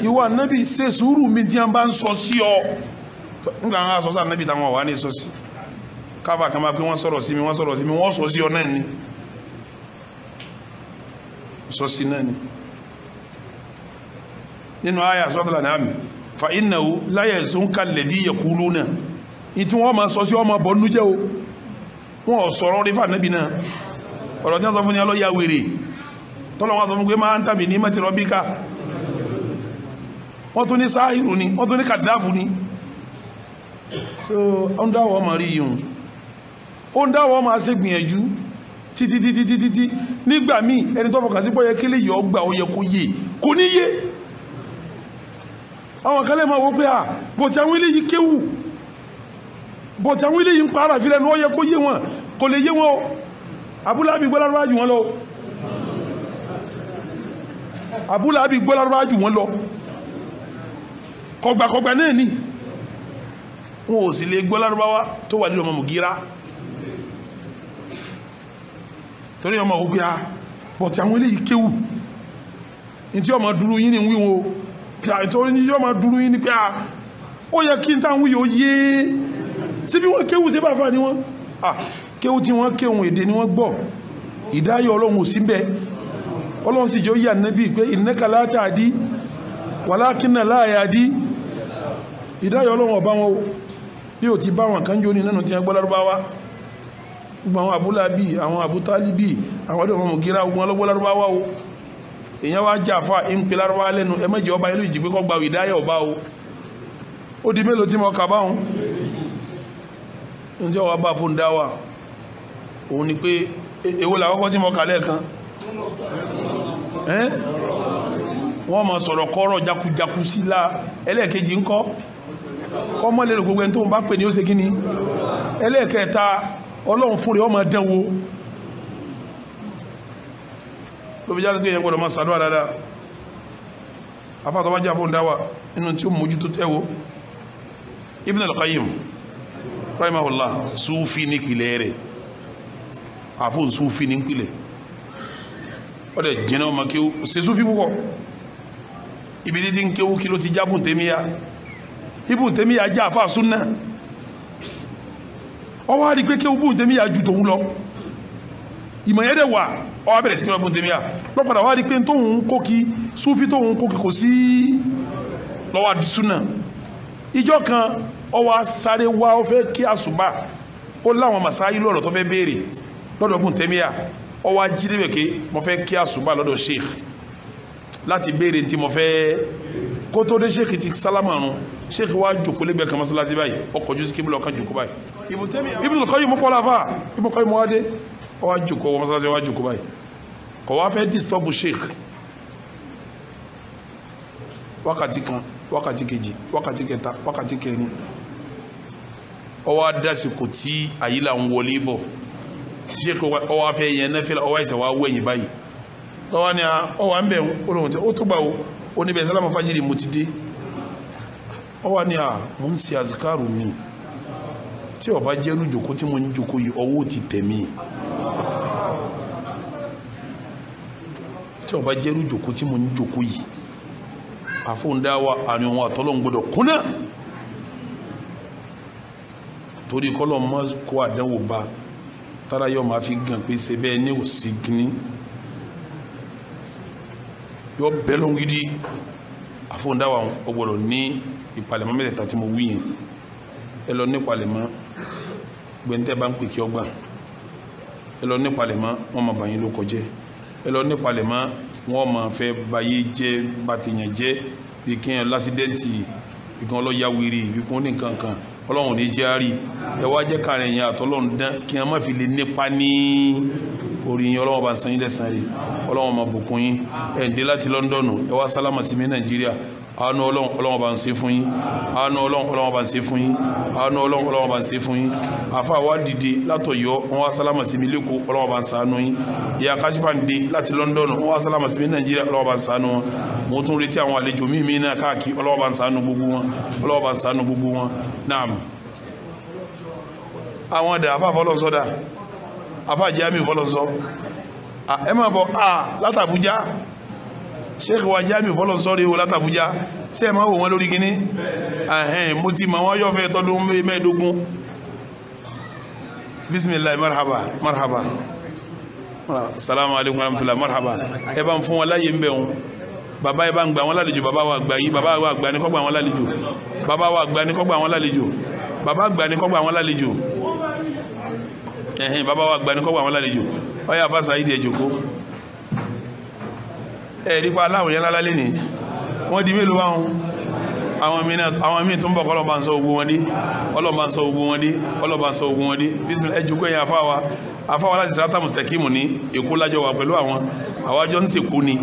ìwọ ànábì ṣe sùúrù mi tí wọ́n bá ń sọ sí ọ nígbà wọn sọ sí ànábì táwọn wà ní sọ sí káfà kan máa pé wọ́n sọ̀rọ̀ sí mi wọ́n sọ̀rọ̀ sí mi wọ́n sọ sí ọ náà ni sọ sí náà ni nínú àyà sọ́tàlá náà mi fa innahu la yahzunka alladhi yaquluna ìtí wọ́n máa sọ sí ọmọ bọ́nú jẹ́ o wọ́n ò sọ̀rọ̀ rí fà níbi náà ọ̀rọ̀ tí wọ́n sọ fún ni ọlọ́yà wèrè tọ́lọ́wọ́n sọ fún pé máa ń tàbí ní mẹ́tìrọ́bíkà wọ́n tún ní sáàrù ni wọ́n tún ní kàdáàbù ni so ó ń dáwọ́ ọmọ rí yìí ó ń dáwọ́ ọmọ ṣe gbìyànjú títí títí títí tí nígbà míì ẹni tó fọkàn sí pọ́ yẹ kí lè yọ ọgbà ó yẹ kó yé kò ní yé àwọn kan lè máa wo pé à bọ̀tí àwọn ilé yìí kéwù bọ̀tí àwọn ilé ń pa ara ìfilẹ̀ ní ó kó yé wọn kò lè yé wọn o abúlábì gbọ́lárúwá jù wọn lọ wọn lọ kọgbàkọgbà náà ni wọn ò sì lè gbọ́ lárúbáwá tó wà nínú ọmọ mùgíra torí ọmọ ògbé bọ̀tí àwọn eléyìí kéwù ní tí ọmọ dúró yín ni wíwo pí àìtọ́ ní tí ọmọ dúró yín ni pé a ah, ó yẹ kí n tá wí yóò yé síbí wọ́n kéwù sí bàfà ní wọ́n ah, kéwù tí wọ́n kéwù èdè ni wọ́n gbọ́ ìdáyọ̀ ọlọ́run ò sí bẹ́ ọlọ́run sì jọ yà nẹ́bí pé innaka la taadi walakinna la ìdáyọ̀ ọlọ́run ọba wọn o bí o ti bá wọn kan jóni nínú tí wọn gbọ́ lárúbáwá gbogbo àwọn abúlábì àwọn abútálíbì àwọn ọdún ọmọ gíra wọn lọ́gbọ́ o wá jà fà ń pe lárúbáwá lẹ́nu ẹ mẹ́jọ ọba ìlú ìjìgbé kọ́ ìdáyọ̀ ọba o ó di mélòó tí mo kà báwọn ǹjẹ́ ọba bá fún òun ni pé èwo tí mo kà lẹ́ẹ̀kan ọmọ lè rò gbogbo ẹni tó ń bá pè ní ó ṣe kí ni ẹlẹ́ẹ̀kẹta ọlọ́run fún rẹ̀ ọmọ dán wo ló fi jáde pé ẹ̀yẹ gbọ́dọ̀ máa ṣàdúrà dáadáa afáàtọ̀ bá jẹ́ àfọ̀n dáwà nínú tí ó mójútó ẹ̀wọ̀ Ibn al-Qayyim rahimahullah sufi nípìlẹ̀ rẹ̀ àfọ̀n sufi nípìlẹ̀ ọ̀dẹ̀ jẹ́nà ọmọ kí ó ṣe sufi púpọ̀ ibi títí ń kéwú kí ló ti jábùn tèmi Ibn Taymiyyah jẹ́ àfa súnà ó wá rí pé kí Ibn Taymiyyah ju tòun lọ ìmọ̀ yẹn dẹ̀ wà ó wá bẹ̀rẹ̀ sí kí Ibn Taymiyyah lọ́padà wá rí pé tóun kó kí súfì tóun kó kí kò sí lọ́wọ́ àdì súnà ìjọ kan ó wá sáré wá ó fẹ́ kí àsùbà ó láwọn màsáyí lọ́rọ̀ tó fẹ́ béèrè lọ́dọ̀ Ibn Taymiyyah ó wá jí débẹ̀ pé mo fẹ́ kí àsùbà lọ́dọ̀ sheikh láti béèrè tí mo fẹ́ kó tó dé sheikh ti sálámà run sheikh wa jòkó lẹ́gbẹ̀ẹ́ kan mọ́sálásí báyìí ọkọ̀ ojú sí kébìlì ọ̀kan jòkó báyìí ibùdó kọ́ yìí mú kọ́lá fà ibùdó kọ́ yìí mú wá dé ọ wá jòkó wọ mọ́sálásí wá jòkó báyìí kọ̀ wá fẹ́ disturb sheikh wákàtí kan wákàtí kejì wákàtí kẹta wákàtí kẹni ọ wá dásìkò tí àyílà ń wọlé bọ̀ sheikh ọ wá fẹ́ yẹn nẹ́fẹ̀lá ọ wá ìsẹ̀ wá wẹ̀yìn báyìí lọ́wọ́ ni ọ ń bẹ̀ ó tẹ ó tó gbà wo oníbẹ̀ sálámà fájìrì mo ti dé ọ wà ní à mo ń ṣe àzìkárù mi tí ọba jẹ́rú jòkó tí mo ń jòkó yìí ọwọ́ ti tẹ̀ mí tí ọba jẹ́rú jòkó tí mo ń jòkó yìí àfóhùndáwà àni ohun àtọ́lọ́ gbọ́dọ̀ kúnná torí kọ́lọ́ mọ́ kó àdánwò ba tára yọ máa fi gàn pé ṣe bẹ́ẹ̀ ní òsì gíní yọ bẹ́ẹ̀ ló ń gidi àfọ̀ndáwà ó gbọ́dọ̀ ní ìpalẹ̀mọ́ mẹ́tẹ̀ẹ̀ta tí mo wí yẹn ẹ lọ nípalẹ̀mọ́ gbẹ̀ntẹ́ bá ń pè kí ọgbà ẹ lọ nípalẹ̀mọ́ wọ́n máa bàyín ló kọjẹ́ ẹ lọ nípalẹ̀mọ́ máa fẹ́ bayé jẹ́ bàtìyàn jẹ́ bí kí ẹ lásídẹ́ǹtì bí kan lọ́ọ́ yá wiri bí kan ó ní nǹkan kan ọlọ́run ní járí ẹ wá jẹ́ kàrin ìyá àtọ́lọ́run dán kí a má fi lè nípa ní orí yín ọlọ́run bá san yín lẹ́san ọlọ́run máa bùkún yín ẹ̀ láti London ẹ sálámà sí mi Nàìjíríà àánú ọlọ́run ọlọ́run bá ń ṣe fún yín àánú ọlọ́run ọlọ́run bá ń ṣe fún yín àánú ọlọ́run ọlọ́run bá ń ṣe fún yín àfa wa dìde látọ̀yọ́ wọn wá sálámà sí mi lẹ́kọ̀ọ́ ọlọ́run bá ń ṣàánú yín ìyá kashifa ń de láti London wọn wá sálámà sí mi Nàìjíríà ọlọ́run bá ń ṣàánú wọn mo tún retí àwọn àlejò míì míì náà káàkiri ọlọ́run bá ń ṣàánú gbogbo wọn ọlọ́run bá ń ṣàánú gbogbo wọn naam àwọn ọ̀dà àfa fọlọ́nsọ́ dà àfa jẹ́ àmì fọlọ́nsọ́ ẹ máa bọ̀ látàbújá sheikh wa jami fọlọ́n sọ́rí wo látàbújá ṣe máa wò wọ́n lórí kíní mo ti mọ̀ wọ́n yọ̀fẹ́ tọdún mẹ́ẹ̀ẹ́dógún bisimilayi marhaba marhaba salamu alaykum wa rahmatulah marhaba ẹ bá ń fún wọn láyé ń bẹ̀ wọn bàbá ẹ bá ń gbà wọn lálejò bàbá wa gbà yìí bàbá wa gbà ní kó gbà wọn lálejò bàbá wa gbà ní kó gbà wọn lálejò bàbá gbà ní kó gbà wọn lálejò ẹ̀hìn bàbá wa gbà ní kó gbà wọn lálejò ọ̀yà fásitì ayídìí ẹ̀ẹ́dípa aláwọ̀ yẹn lálálé ni wọ́n di mélòó bá wọn àwọn míì tó ń bọ̀ kọ́ ọlọ́ba ń sọ ogun wọn dí ọlọ́ba ń sọ ogun wọn dí ọlọ́ba ń sọ ogun wọn dí bísí ẹjú kọ́ yẹn afáwa afáwa láti sàrátà mùsítẹ́kìmù ní èkó lájọ wà pẹ̀lú àwọn àwájọ ń sèkú ni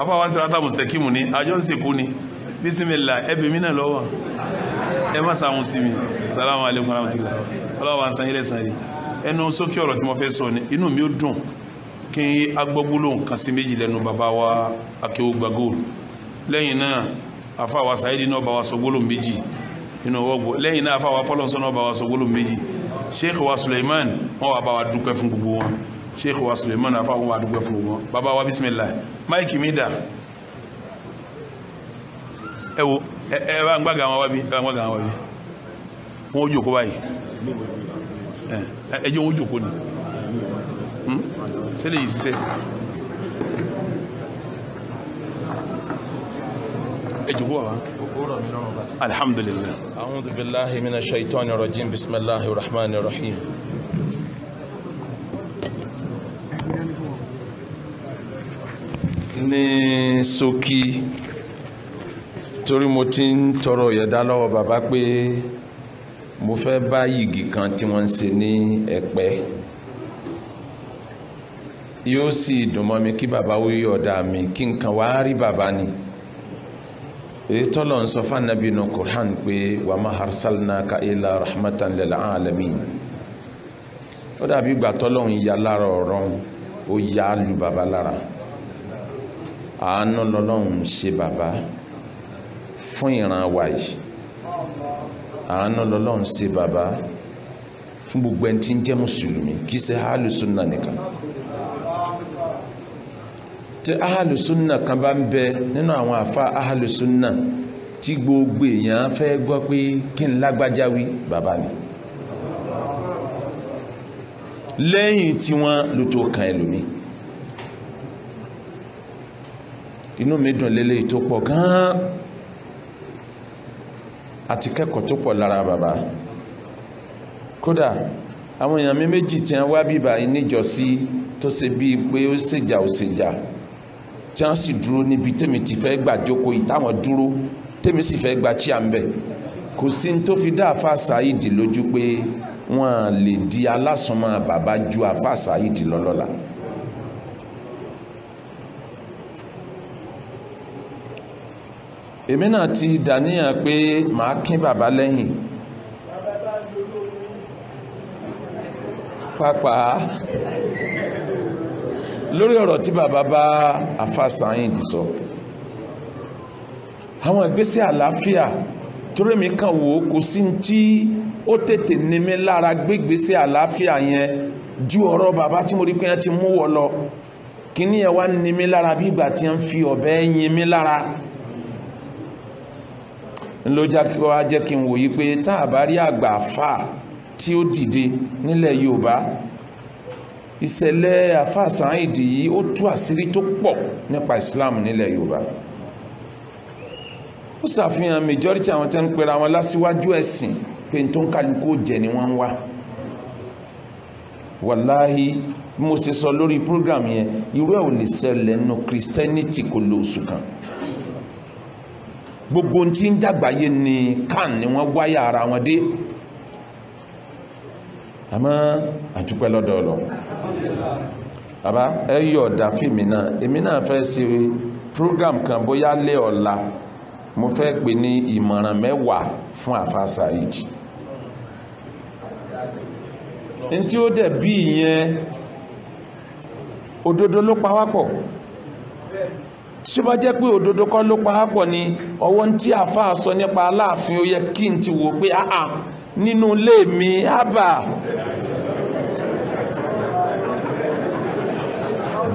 afáwa sàrátà mùsítẹ́kìmù ní àjọ ń sèkú ni bísí mi là ẹbí mi náà lọ́wọ́ ẹ má sàmù sí mi sàlámù alẹ́ kọ́nà mùtìlá ọlọ́ba ń san ilẹ̀ sàn rí ẹnu sókè ọ̀rọ̀ tí mo fẹ́ sọ ni inú mi ó dùn kí agbọ́gbóló nǹkan sí méjì lẹ́nu bàbá wa akéwògbà gold lẹ́yìn náà afáwa Saidi náà bá wa sọ gbóló méjì nínú ọgbọ́ lẹ́yìn náà afáwa fọlọ́nsọ náà bá wa sọ gbóló méjì sheikh wa Suleiman wọn wà bá wa dúpẹ́ fún gbogbo wọn sheikh wa Suleiman afa wọn wà dúpẹ́ fún gbogbo wọn bàbá wa bisimilayi máìkì mi dà ẹ wo ẹ ẹ bá ń gbàgà wọn wá bí ẹ bá ń gbàgà wọn wá bí wọn ò jòkó báyìí ẹ ẹ jẹ́ wọn ò jòkó ni sílẹ̀ yìí ṣiṣẹ́ ẹjọ́ wà wá. alhamdulillah. billahi minash shaitani rajim bismillahir rahmanir rahim. ní ṣókí torí mo ti ń tọrọ ìyẹ̀dá lọ́wọ́ bàbá pé mo fẹ́ bá yìgì kan tí wọ́n ń ṣe ní ẹ̀pẹ́. E yóò sì dùn mọ́ mi kí bàbá ó yí ọ̀dà mi kí nǹkan wá rí bàbá ni èyí tọ́lọ̀ ń sọ fún anabi nù Qur'an pé wa ma arsalnaka illa rahmatan lil alamin ó dàbí ìgbà tọ́lọ̀ ń ya lára ọ̀rọ̀ ó ya lu baba lára àánú lọ́lọ́run ṣe bàbá fún ìran wa yìí àánú lọ́lọ́run ṣe bàbá fún gbogbo ẹni tí ń jẹ́ mùsùlùmí kì ṣe hálùsùn náà nìkan tí ahalùsúnà kan bá ń bẹ nínú àwọn àfa ahalùsúnà tí gbogbo èèyàn fẹ́ gbọ́ pé kí n lágbájá wí bàbá mi lẹ́yìn tí wọ́n ló tó kan ẹlòmí inú mi dùn lélẹ̀ tó pọ̀ gan-an àti kẹ́kọ̀ọ́ tó pọ̀ lára bàbá kódà àwọn èèyàn mi méjì tí wọ́n wá bíbà níjọ sí tó ṣe bíi pé ó ṣèjà ó ṣèjà tí wọ́n sì dúró níbi tèmi ti fẹ́ gbà jókòó yìí táwọn dúró tèmi sì fẹ́ gbà chíà ń bẹ̀ kò sí tó fi dá àfa Saheed lójú pé wọ́n lè di alásùnmọ́ bàbá ju àfa Saheed lọ́lọ́la. èmi náà ti dàníyàn pé màá kín bàbá lẹ́yìn pàápàá lórí ọ̀rọ̀ tí bàbá bá Àfà Saheed sọ àwọn ìgbésẹ̀ àlàáfíà torí mi kàn wò ó kò sí tí ó tètè ní mi lára gbégbèsè àlàáfíà yẹn ju ọ̀rọ̀ bàbá tí mo rí pé wọ́n ti mú wọ lọ kíní ẹ̀ wá ní mi lára bí ìgbà tí wọ́n fi ọ̀bẹ yin mi lára ló wá jẹ́ kí n wòye pé tá a bá rí àgbà fà tí ó dìde nílẹ̀ Yorùbá ìṣẹ̀lẹ̀ àfáà Saidi yìí ó tú àṣírí tó pọ̀ nípa Islam nílẹ̀ Yorùbá ó ṣàfihàn majority àwọn tí wọ́n ń pera wọn lásìwájú ẹ̀sìn pé tó ń kálukú jẹ ni wọ́n ń wá wàláhí bí mo ṣe sọ lórí program yẹn irú ẹ̀ ò lè ṣẹlẹ̀ nínú Christianity kò lo oṣù kan gbogbo ohun tí ń dàgbáyé ni kan ni wọ́n wáyà ara wọn dé àmọ́ àdúpẹ́ lọ́dọ̀ ọ̀lọ́ bàbá ẹ yọ̀ ọ̀dà fíìmì náà èmi náà fẹ́ ṣe program kan bóyá lé ọ̀la mo fẹ́ pè ní ìmọ̀ràn mẹ́wàá fún àfa Saheed ntí ó dẹ̀ bí ìyẹn òdodo ló pa tí ó bá jẹ́ pé òdodo kọ́ ló pa ni ọwọ́ ntí àfa sọ nípa Aláàfin ó yẹ kí n ti wò pé áà nínú ilé mi ábà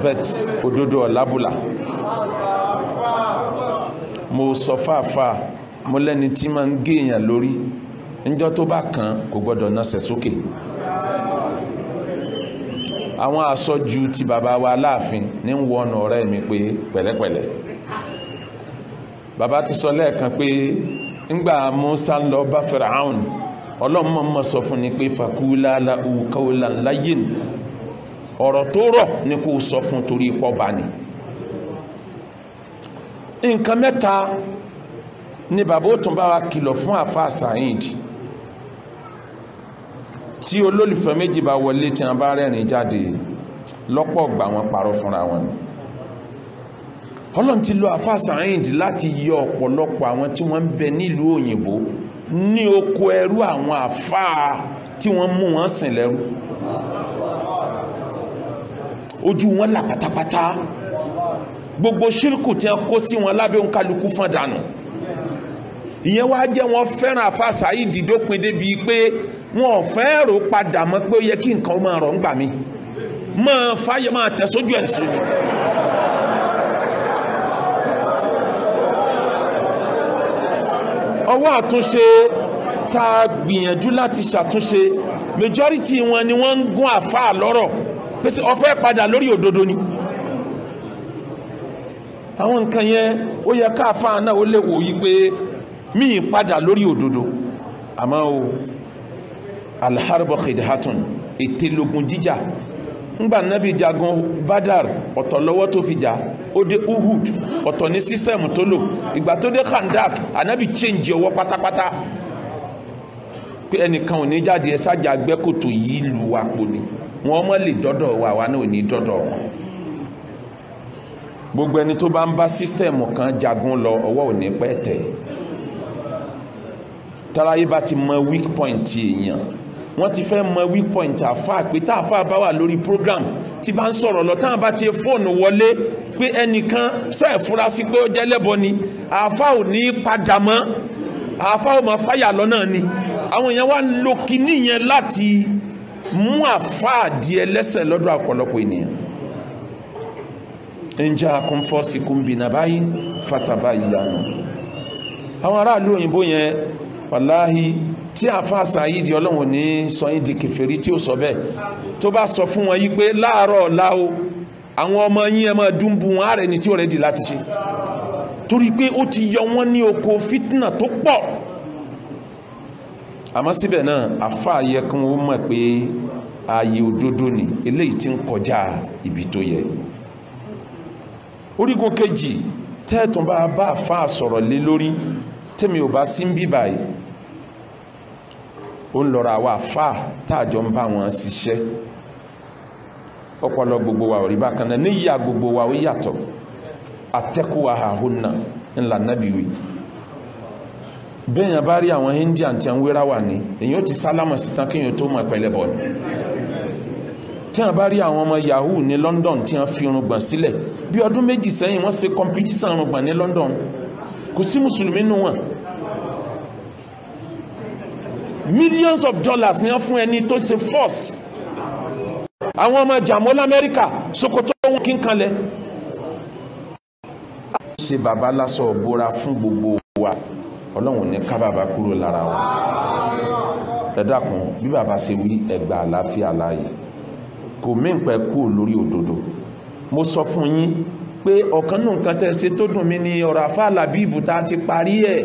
bet òdodo ọ̀làbùlà mo sọ fáfá mo lẹ́ni tí máa ń gé èèyàn lórí níjọ́ tó bá kàn kò gbọ́dọ̀ náṣẹ̀ sókè àwọn asọ́jú ti bàbá wa láàfin ní ń wọnà ọ̀rẹ́ mi pé pẹ̀lẹ́pẹ̀lẹ́ bàbá ti sọ lẹ́ẹ̀kan pé ńgbà Musa ń lọ bá Firaun ọlọ́mọ mọ́ sọ fún ni pé fàkúlá kọ́ọ̀lá láyìn ọ̀rọ̀ tó rọ̀ ni kó sọ fún torí ipò bá ní nǹkan mẹ́ta ni bàbá ó tún bá wa kìlọ̀ fún àfa Saheed tí olólùfẹ́ méjì bá wọlé tí wọn bá rẹ́rìn jáde lọ́pọ̀ ọgbà wọn parọ́ fúnra wọn ni ọlọ́run ti lo àfa Saheed láti yọ ọ̀pọ̀lọpọ̀ àwọn tí wọ́n ń bẹ nílùú òyìnbó ní oko ẹrú àwọn àfáà tí wọ́n mú wọn sìn lẹ́rú ojú wọn là pátápátá gbogbo ṣírkù tí wọ́n kó sí wọn lábẹ́ òun kálukú fọ́n dànù ìyẹn wá jẹ́ wọn fẹ́ràn àfáà Saheed dópin débi pé wọn ò fẹ́ rò padà mọ́ pé ó yẹ kí nǹkan máa rọ̀ ń gbà mí máa fáyọ máa tẹ̀ sójú ẹ̀ sí mi. ọwọ́ àtúnṣe tá a gbìyànjú láti ṣàtúnṣe majority wọn ni wọ́n ń gún àfáà lọ́rọ̀ pé ṣé ọfẹ́ padà lórí òdodo ni àwọn nǹkan yẹn ó yẹ káàfáà náà ó lè wò yí pé míì padà lórí òdodo àmọ́ o alharbo khidhatun ètè lógun jíjà ńgbà nábì jagun badar ọ̀tọ̀ lọ́wọ́ tó fi jà ó dé uhud ọ̀tọ̀ ní sísẹ́mù tó lò ìgbà tó dé khandak ànábì change ọwọ́ pátápátá pé ẹnìkan ò ní jáde ẹ sájà gbẹ́kòtò yìí lu wa pò ní wọn mọ̀ lè dọ́dọ̀ wa wa náà ò ní dọ́dọ̀ wọn gbogbo ẹni tó bá ń bá sísẹ́mù kan jagun lọ ọwọ́ ò ní pẹ́ tẹ̀ táráyé bá ti mọ weak point èèyàn wọ́n ti fẹ́ mọ weak point àfáà pé tá àfáà bá wà lórí program tí bá ń sọ̀rọ̀ lọ táwọn bá ti fóònù wọlé pé ẹnìkan sẹ́ẹ̀ fura sí pé ó jẹ́ lẹ́bọ ni àfáà ò ní padà mọ́ àfáà ò máa fáyà lọ náà ni àwọn èèyàn wá ń lo kinní yẹn láti mú àfáà di ẹlẹ́sẹ̀ lọ́dọ̀ ọ̀pọ̀lọpọ̀ ènìyàn ǹjẹ́ akọ́nfọ́sí kùnbìnà báyìí fatabayyanu àwọn aráàlú òyìnbó yẹn wàláhí tí àfáà sàáyìdì ọlọ́run ní sọyìn di kèfèrí tí ó sọ bẹ́ẹ̀ tó bá sọ fún wọn yí pé láàárọ̀ ọ̀la o àwọn ọmọ yín ẹ dúnbù wọn ààrẹ ni tí ó rẹ̀ dì láti ṣe torí pé ó ti yọ wọ́n ní oko fitna tó pọ̀ àmọ́ síbẹ̀ náà àfáà yẹ kí wọ́n mọ̀ pé ààyè òdodo ni eléyìí ti ń kọjá ibi tó yẹ orígun kejì tẹ́ẹ̀tùn bá bá àfáà sọ̀rọ̀ lé lórí tèmi ò bá sí ń bí báyìí ó ń lọ́ra wa fà táàjọ ń bá wọn ṣiṣẹ́ ọpọlọ gbogbo wa ò rí bákan náà níyà gbogbo wa ó yàtọ̀ àtẹ́kùwà àhónà ńlá nábìwì bẹ́ẹ̀yàn bá rí àwọn Indian tí a wéra wà ní èyàn ti sálámà sí tán kíyàn tó mọ̀ pẹ̀lẹ́ bọ̀ ní tí a bá rí àwọn ọmọ Yahoo ní London tí a fi irùngbọ̀n sílẹ̀ bí ọdún méjì sẹ́yìn wọ́n ṣe competition irùngbọ̀n ní London kò sí mùsùlùmí nù wọn millions of dollars ni wọ́n fún ẹni tó ṣe first àwọn ọmọ jàmọ́ lamẹ́ríkà sokoto wọn kí n kanlẹ̀ ṣe bàbá lásọ bóra fún gbogbo wa ọlọ́run ní ká bàbá kúrò lára wa ẹ dákun bí bàbá ṣe wí ẹgbà àlàáfíà láàyè kò mí pẹ́ kú lórí òdodo mo sọ fún yín pé ọ̀kan nù nǹkan tẹ́ ṣe tó dùn mí ni ọ̀rọ̀ àfa làbíbù tá a ti parí ẹ̀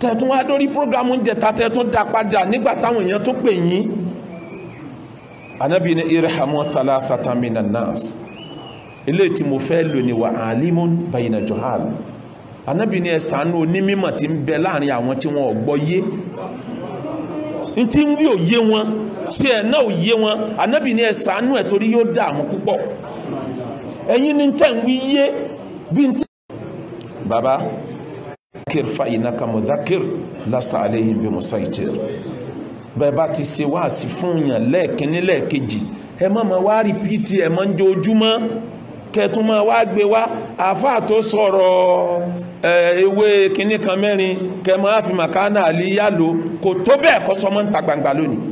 tẹ̀tún wá lórí prógrámù oúnjẹ tá tẹ̀tún dá padà nígbà táwọn èèyàn tó pè yín anábì ní irhamu salasatan minan nas ilé tí mo fẹ́ lò ní wa alimun bayina johal anábì ní ẹ̀sánú onímọ̀ tí ń bẹ láàrin àwọn tí wọn ò gbọ́ yé n tí ń wí òye wọn sí ẹ̀ náà òye wọn anábì ní ẹ̀sánú ẹ̀ torí yóò dààmú púpọ̀ eyi ni tẹ́ ń wí yé bí baba kir fa innaka mudhakir lasta alayhim bi musaitir bẹ́ẹ̀ bá ti ṣe wáàsí fún yàn lẹ́ẹ̀kínní lẹ́ẹ̀kejì ẹ má máa wá rìpíìtì ẹ máa ń jojúmọ́ kẹtùn máa wá gbé wá àáfàá tó sọ̀rọ̀ ewé kínní kan mẹ́rin kẹ máa fi màkánà lò kò tó ń ta gbangba lónìí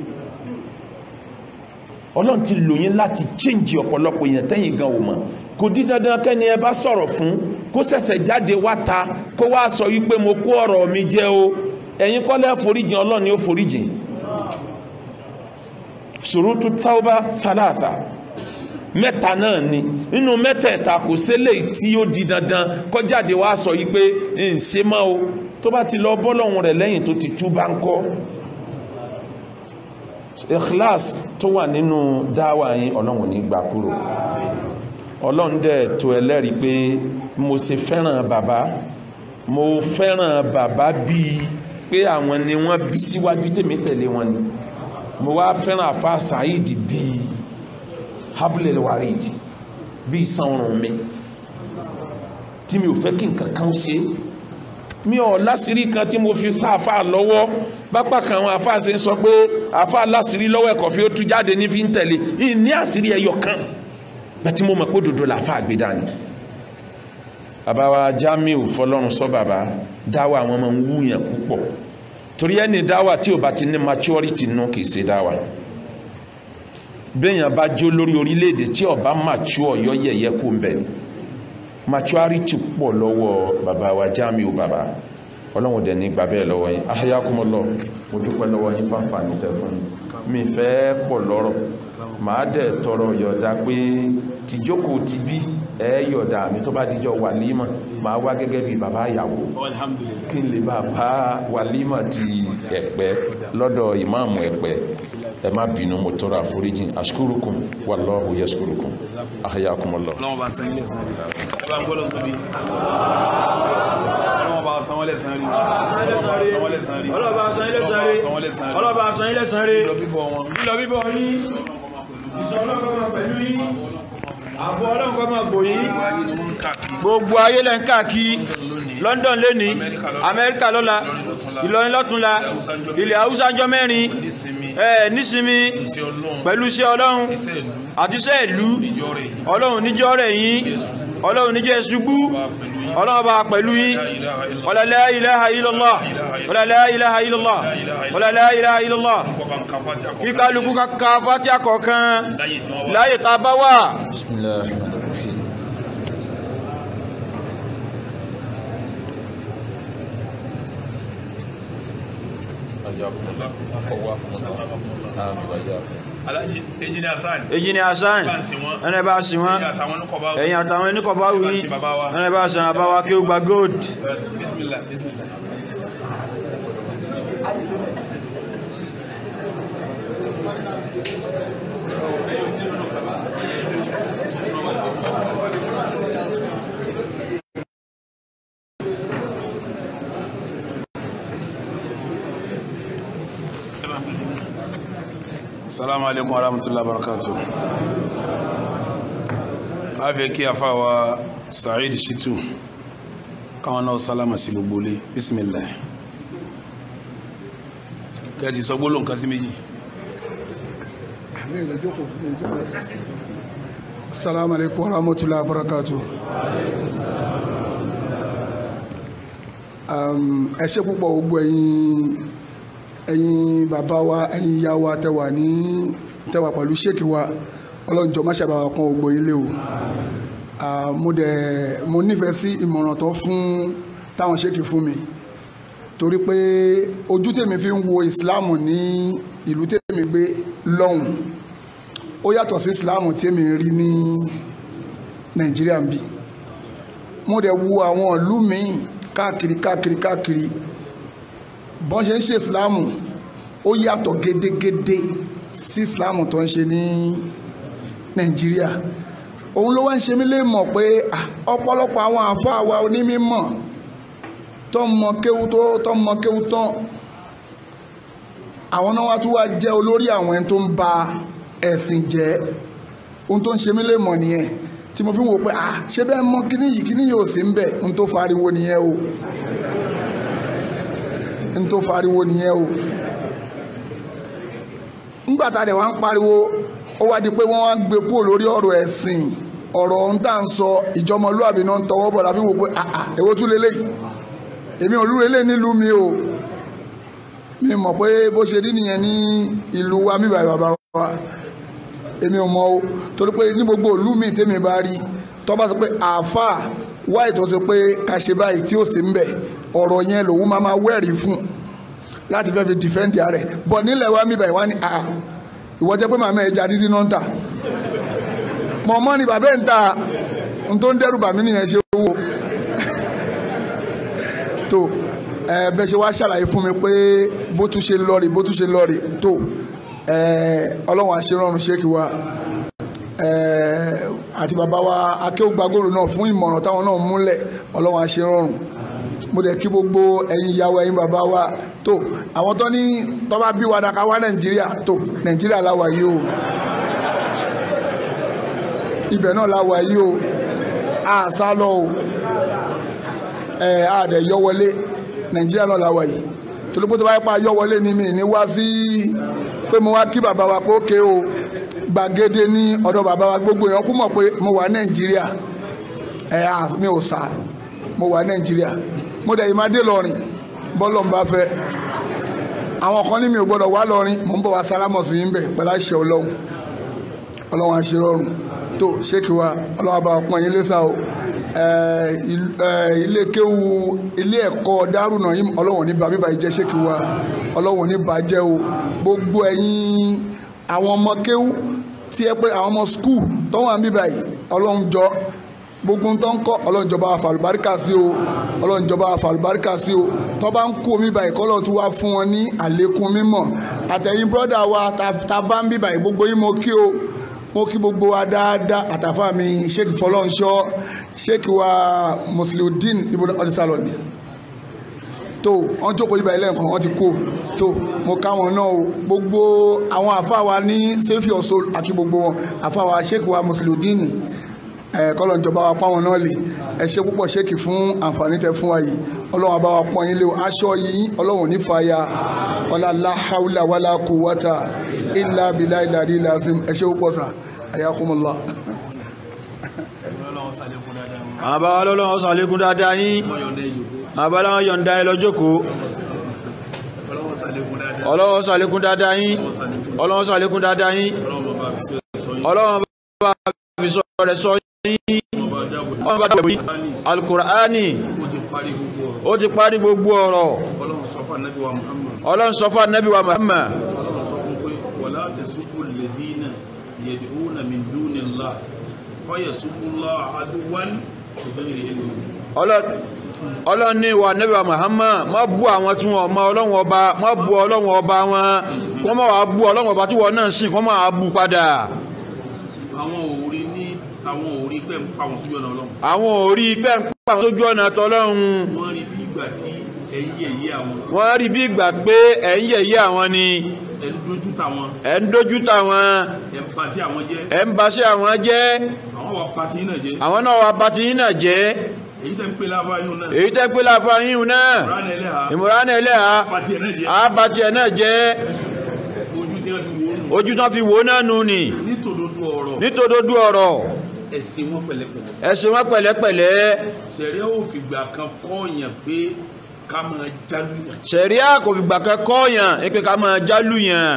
ọlọ́run ti lò yín láti change ọ̀pọ̀lọpọ̀ èèyàn tẹ́yìn gan ò mọ̀ kò di dandan kẹ́ni ẹ bá sọ̀rọ̀ fún kó ṣẹ̀ṣẹ̀ jáde wá ta kó wá sọ wípé mo kó ọ̀rọ̀ mi jẹ́ o ẹ̀yin kọ́lẹ́ foríjìn ọlọ́run ni ó foríjìn ṣurutu tauba thalatha mẹ́ta náà ni nínú mẹ́tẹ̀ẹ̀ta kò sélè tí ó di dandan kó jáde wá sọ wípé ń mọ́ o tó bá ti lọ bọ́lọ́hun rẹ̀ lẹ́yìn tó ti tú ń kọ́ ikhlas tó wà nínú dáwà yín ọlọ́run ní gbà kúrò ọlọ́run dẹ̀ tó ẹlẹ́rìí pé mo ṣe fẹ́ràn bàbá mo fẹ́ràn bàbá bíi pé àwọn ni wọ́n bí síwájú tèmi tẹ̀lé wọn ni mo wá fẹ́ràn àfa saheed bíi habulel waridi bíi sanrun mi tí mi ò fẹ́ kí nǹkan kan ṣe mi ò láṣìírí kan tí mo fi sá àfa lọ́wọ́ bápá kan àwọn àfa ṣe ń sọ pé àfa láṣìírí lọ́wọ́ ẹ̀kọ́ fi ó tú jáde ní fi ń tẹ̀lé ìní àṣírí ẹyọ kan bàtí mo mọ̀ pé òdodo làfa àgbè dání bàbá wa Jamiu fọlọ́run sọ bàbá dáwà àwọn ọmọ ń wúyàn púpọ̀ torí ẹni dáwà tí ò bá ti ní maturity nù kì í ṣe dáwà bẹ́ẹ̀yàn bá jó lórí orílẹ̀-èdè tí ọba mature yọ yẹ̀yẹ́ kó ń bẹ̀ maturity pọ̀ lọ́wọ́ bàbá wa Jamiu bàbá ọlọ́run dẹ̀ ní gbà bẹ́ẹ̀ lọ́wọ́ yín ahyakumullah mo dúpẹ́ lọ́wọ́ yín fáǹfààní tẹ fún mi fẹ́ pọ̀ lọ́rọ̀ màá dẹ̀ tọrọ yọ̀dá pé tìjókòó ti bí ẹ̀ẹ́yọ̀dà mi tó bá díjọ wàlímà ma wá gẹ́gẹ́ bí bàbá ìyàwó kí n lè bàbá wàlímà ti ẹ̀pẹ́ lọ́dọ̀ ìmáàmù ẹ̀pẹ́ ẹ má bínú mo tọrọ àforíjì àṣkúrùkùn wallahu yashkurukum ahyakumullah. ọlọ́run bá san ilé san rí ẹ bá gbọ́dọ̀ tóbi ọlọ́run bá san ilé san rí ọlọ́run bá san ilé san rí ọlọ́run bá san ilé san rí ọlọ́run bá san ilé san rí ìlọ bíbọ̀ wọn ìlọ bíbọ̀ yín ìṣọlọ́kọ̀ọ́ pẹ̀lú yín àbọ̀ ọlọ́run kọ́ máa bò yín gbogbo ayé lẹ́ ń káàkiri London lẹ́ni Amẹ́ríkà lọ́la Ìlọrin lọ́túnla ilẹ̀ Haúsá jọ mẹ́rin ẹ̀ nísinmi pẹ̀lú iṣẹ́ ọlọ́run àti iṣẹ́ ìlú ọlọ́run níjọ́ rẹ̀ yín ọlọ́run níjọ́ ẹ̀ ṣubú ọlọ́run bá pẹ̀lú yín wala la ilaha illallah wala la ilaha illallah wala la ilaha illallah kí kálukú ká fátíà kọ̀ọ̀kan láyé tá a bá wà. Jazakumullah. Jazakumullah. Jazakumullah alhaji ejini hasan ejini hasan ẹnẹ bá sin wọn ẹyin àtàwọn ẹnikọba wí ẹnẹ bá sin bàbá wa kí ó gba gold. bismillah bismillah. Assalamu alaikum warahmatullahi wabarakatuh afẹ́ kí afáwa Saheed Shittu káwọn náà sálámà sí gbogbo lé bismillah kẹ́ẹ̀tì sọ gbólóhùn kan sí méjì Assalamu alaikum warahmatullahi wabarakatuh ẹ ṣé púpọ̀ gbogbo ẹ̀yin ẹ̀yin bàbá wa ẹ̀yin ìyá wa tẹwà ní tẹwà pẹ̀lú ṣéèkì wa ọlọ́njọ́ má ṣàbàwà kan ògbó ilé o mo dẹ̀ mo nífẹ̀ẹ́ sí ìmọ̀ràn tó fún táwọn ṣéèkì fún mi torí pé ojú tèmi fi ń wo ìsìláàmù ní ìlú tèmi gbé lọ́hùn ó yàtọ̀ sí ìsìláàmù tèmi rí ní nàìjíríà bí mo dẹ̀ wo àwọn ìlú míì káàkiri káàkiri. káàkiri bọ́n ṣe ń ṣe ìsìláàmù ó yàtọ̀ gédégédé sí ìsìláàmù tó ń ṣe ní nàìjíríà òun ló wá ń ṣe mí lè mọ̀ pé ọ̀pọ̀lọpọ̀ àwọn àáfàá wa onímọ̀ tó mọ kéwu tó tó mọ kéwu tán àwọn náà wá tún wá jẹ́ olórí àwọn ẹni tó ń ba ẹ̀sìn jẹ́ ohun tó ń ṣe mí lè mọ̀ nìyẹn tí mo fi ń wò pé ṣé bẹ́ẹ̀ mọ kíní yìí kíní yìí ò sí ń bẹ̀ ohun tó fariwo nìyẹn o n tó fariwo nìyẹn o nígbàtà rẹ̀ wá ń pariwo ó wá di pé wọ́n wá ń gbé kúrò lórí ọ̀rọ̀ ẹ̀sìn ọ̀rọ̀ ohun tá à ń sọ ìjọmọlúàbí náà ń tọwọ́ bọ̀ lábí wò pé àà èwo tún lélẹ́yìí èmi ò lúre lé nílùú mi o mi mọ̀ pé bó ṣe rí nìyẹn ní ìlú wa mi bàbá wa èmi ò mọ̀ o torí pé ní gbogbo ìlú mi tèmi bá rí tó bá sọ pé àáfàá wáyé tó ṣe pé ká ṣe báyìí tí ó sì ń bẹ̀ ọ̀rọ̀ yẹn lòun máa máa wẹ́rìí fún láti fẹ́ fi dìfẹ́ǹdì rẹ̀ bọ̀ nílẹ̀ wa mi báyìí wá ní àá ìwọ jẹ́ pé màmá ẹja dídí náà ń tà mọ̀mọ́ ni bàbá ẹ̀ ń ta n tó ń dẹ́rù bàmí nìyẹn ṣe owó tó ẹ bẹ́ẹ̀ ṣe wá ṣàlàyé fún mi pé bó tún ṣe lọ rè bó tún ṣe lọ rè tó ẹ ọlọ́run àṣẹ ṣé kí wá. Eh, àti bàbá wa akéwògbàgòrò náà fún ìmọ̀ràn táwọn náà múlẹ̀ ọlọ́wọ́n àṣẹ rọrùn mo dẹ̀ kí gbogbo ẹ̀yin ìyàwó ẹ̀yin bàbá wa tó àwọn tó ní tó bí wa ká wá nàìjíríà tó nàìjíríà la wà yìí o ibẹ̀ náà la wà yìí o a sá lọ o ẹ̀ a dẹ̀ yọ wọlé nàìjíríà náà la wà yìí torí pé tó bá yẹ pa yọ wọlé ni mi ní wá sí pé mo wá kí bàbá wa pé ó ké o gbàgede ní ọ̀dọ̀ bàbá wa gbogbo èèyàn kú mọ̀ pé mo wà nàìjíríà ẹ̀ à mi ò sà mo wà nàìjíríà mo dẹ̀ ìmọ̀ adé lọ́rin bọ́lọ̀ ń bá fẹ́ àwọn kan ní mi ò gbọ́dọ̀ wá lọ́rin mò ń bọ̀ wá sálámọ̀ sí yín bẹ̀ pẹ̀lú àṣẹ ọlọ́run ọlọ́run àṣírọ́rùn tó ṣéèkì ọlọ́run bá pọ́n yín lẹ́sà o ilé kéwu ilé ẹ̀kọ́ dárúnà yín ọlọ́run ní bàbí bàyí jẹ́ ṣéèkì ọlọ́run ní bàjẹ́ o gbogbo ẹ̀yin àwọn ọmọ kéwu tí ẹ pé àwọn ọmọ skul tó wà ń bí báyìí ọlọ́run jọ gbogbo tó ń kọ́ ọlọ́njọba àfàlùbáríkà sí o ọlọ́njọba àfàlùbáríkà sí o tó bá ń kú omi báyìí kọ́ lọ́ọ́ wá fún wọn ní àlékún mímọ̀ àtẹ̀yìn brọ́dà wa ta bá ń bí báyìí gbogbo yín mo kí o mo kí gbogbo wa dáadáa àtàfà mi sheik fọlọ́nṣọ́ sheik wa musliudeen ibùdó ọdún sálọ ni tó wọ́n jókòó yíba ilé ẹ̀kọ́ wọ́n ti kó tó mo ká wọn náà o gbogbo àwọn àfáwa ní sefi ọ̀ṣọ́ àti gbogbo wọn àfáwa sheikh wa mùsùlùmí ẹ kọ́lọ̀ ìjọba wa pọ́n wọn náà lè ẹ ṣe púpọ̀ ṣéèkì fún àǹfààní tẹ fún wa yìí ọlọ́run àbá wa pọ́n yín lé o aṣọ yìí ọlọ́run ò ní fàya ọ̀làlá haúlà wàlá kùwátà ìlà bìlà ìlà rí làásìm ẹ ṣe púpọ̀ sà ayakumullah àbá ọlọ́lọ́wọ́ sọ àlékún dáadáa yín àbá láwọn yọ̀ǹda ẹ lọ́jọ́kòó ọlọ́wọ́ sọ àlékún dáadáa yín ọlọ́wọ́ sọ àlékún dáadáa yín ọlọ́wọ́ bá fi sọ rẹ̀ sọ yín ọmọ bá dàgbà yín alukur'ani ó ti parí gbogbo ọ̀rọ̀ ọlọ́run sọ fún wa Muhammad wala tasubbu alladhina yad'una min duni Allah fa ọlọ́ni wa nẹ́bà Muhammad má bú àwọn tí wọ́n mọ ọlọ́run ọba má bú ọlọ́run ọba wọn wọ́n má wàá bú ọlọ́run ọba tí wọ́n náà sìn wọ́n má bú padà. àwọn ò rí ní àwọn ò rí pẹ́ ń pa wọn sójú ọ̀nà ọlọ́run. àwọn ò pẹ́ ń pa sójú ọ̀nà tọ́lọ́run wọ́n rí bí ìgbà pé ẹ̀ ń yẹ̀yẹ́ àwọn ni ẹ̀ ń dojú tà wọ́n ẹ̀ ń dojú tà wọ́n ẹ̀ ń bà sí àwọn jẹ́ ẹ̀ ń bà sí àwọn jẹ́ àwọn wà pati yín náà jẹ́ àwọn náà wà pati yín náà jẹ́ èyí tẹ́ ń pè láfa yín náà èyí tẹ́ ń pè láfa yín náà ìmúránà ẹlẹ́hà àbàtì ẹ̀ náà jẹ́ ojú tán fi wò náà nù ni nítòdodo ọ̀rọ̀ ẹ̀sìn wọn pẹ̀lẹ́pẹ̀lẹ́ ẹ̀sìn wọn pẹ̀lẹ́pẹ̀lẹ́ sẹ̀rẹ́ òfìgbà kan kọ́ yẹn pé ká máa jálù yàn. ṣẹ̀ríà kò fìgbà kan kọ́ yàn é pé ká máa jálù yàn.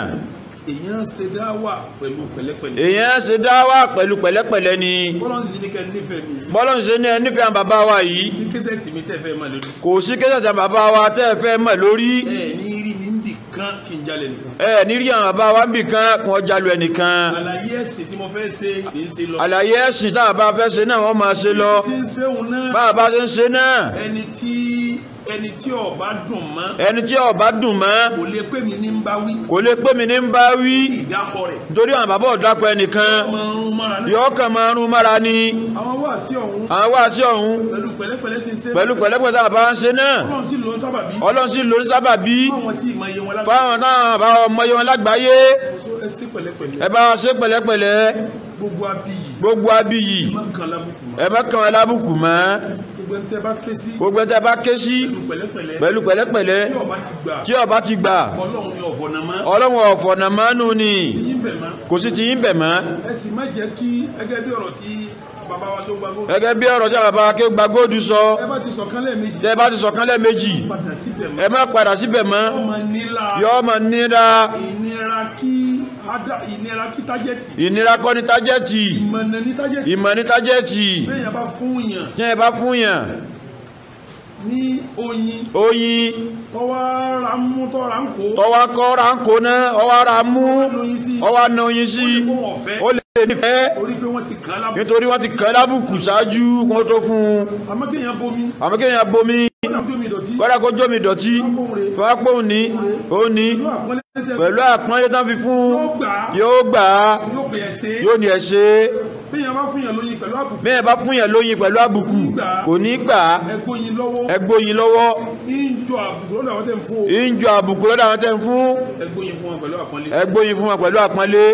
èèyàn ṣe dáwà pẹ̀lú pẹ̀lẹ́pẹ̀lẹ́. èèyàn ṣe dáwà pẹ̀lú pẹ̀lẹ́pẹ̀lẹ́ ni. bọ́lọ́n ṣe ní kẹ́ nífẹ̀ẹ́ ní nífẹ̀ẹ́ àwọn bàbá wa yìí. kò sí kẹ́sẹ̀tì mi bàbá wa tẹ́ fẹ́ mọ̀ lórí. ẹ ní rí mi ń bì kan kí n jalè nìkan. ẹ ní rí àwọn bàbá wa ń bì kan kí wọ́n jalù ẹnìkan. àlàyé ẹ̀sìn tí mo fẹ́ ṣe kì í ṣe lọ. àlàyé ẹ̀sìn táwọn bá fẹ́ ṣe náà wọ́n máa ṣe lọ. bá ẹni tí ó bá dùn mọ́. ẹni tí ó bá dùn mọ́. kò lè pè mí ní ń bá wí. kò lè pè mí ní ń bá wí. ìdákọ rẹ̀. nítorí àwọn bàbá ọ̀dàpọ̀ ẹnìkan. yọ̀ọ́ kan máa ń rún mára ni. àwọn wáàsí ọ̀hún. àwọn wáàsí ọ̀hún. pẹ̀lú pẹ̀lẹ́pẹ̀lẹ́ ti ń ṣe. pẹ̀lú pẹ̀lẹ́pẹ̀lẹ́ tá a bá ń ṣe náà. ọlọ́run sì ló ń sábàbí. fáwọn náà bá ọmọ yẹn wọn lágbàáyé. ẹ bá wa gbogbo ẹni tẹ́ bá ké sí. gbogbo ẹni tẹ́ bá pẹ̀lú pẹ̀lẹ́pẹ̀lẹ́. tí ọba ti gbà. ọlọ́run ọ̀fọ̀nà mánú ni. kò sí ti yín bẹ̀ mọ́. ẹ sì má jẹ́ kí ẹgẹ́ bí ọ̀rọ̀ tí gẹ́gẹ́ bí ọ̀rọ̀ tí àwọn bàbá ké gba góòdù sọ tẹ́ bá ti sọ̀kan lẹ́ẹ̀mejì ẹ má padà síbẹ̀ mọ́ yọ́ ọmọ níra. kí ìnira kí tájẹ́tì. ìnira kọ́ ni tájẹ́tì. ìmọ̀nà ni tájẹ́tì. ìmọ̀ ni tájẹ́tì. bẹ́ẹ̀ yẹn bá fún yàn. bẹ́ẹ̀ bá fún yàn. ní oyin. oyin. tọ́wọ́ ra ń mú tọ́wọ́ ra ń kó. tọ́wọ́ kọ́ ra ń kó náà ọwọ́ ra mú ọwọ́ na oyin sí. ó lè nífẹ̀ẹ́ nítorí wọ́n ti kàn lábùkù ṣáájú kó tó fún un àmọ́ bomi kọ́dà jómi dọ̀tí wọ́n ní ó ní pẹ̀lú àpọ́nlé tán fi fún yóò gbà yóò ní ẹ̀ bẹ́ẹ̀ bá fún yàn lóyin pẹ̀lú àbùkù kò ní gbà á ẹgbóyin lọ́wọ́ ìjọ àbùkù lọ́dọ̀ àwọn tẹ́ ń fún ẹgbóyin fún wọn pẹ̀lú àpọ́nlé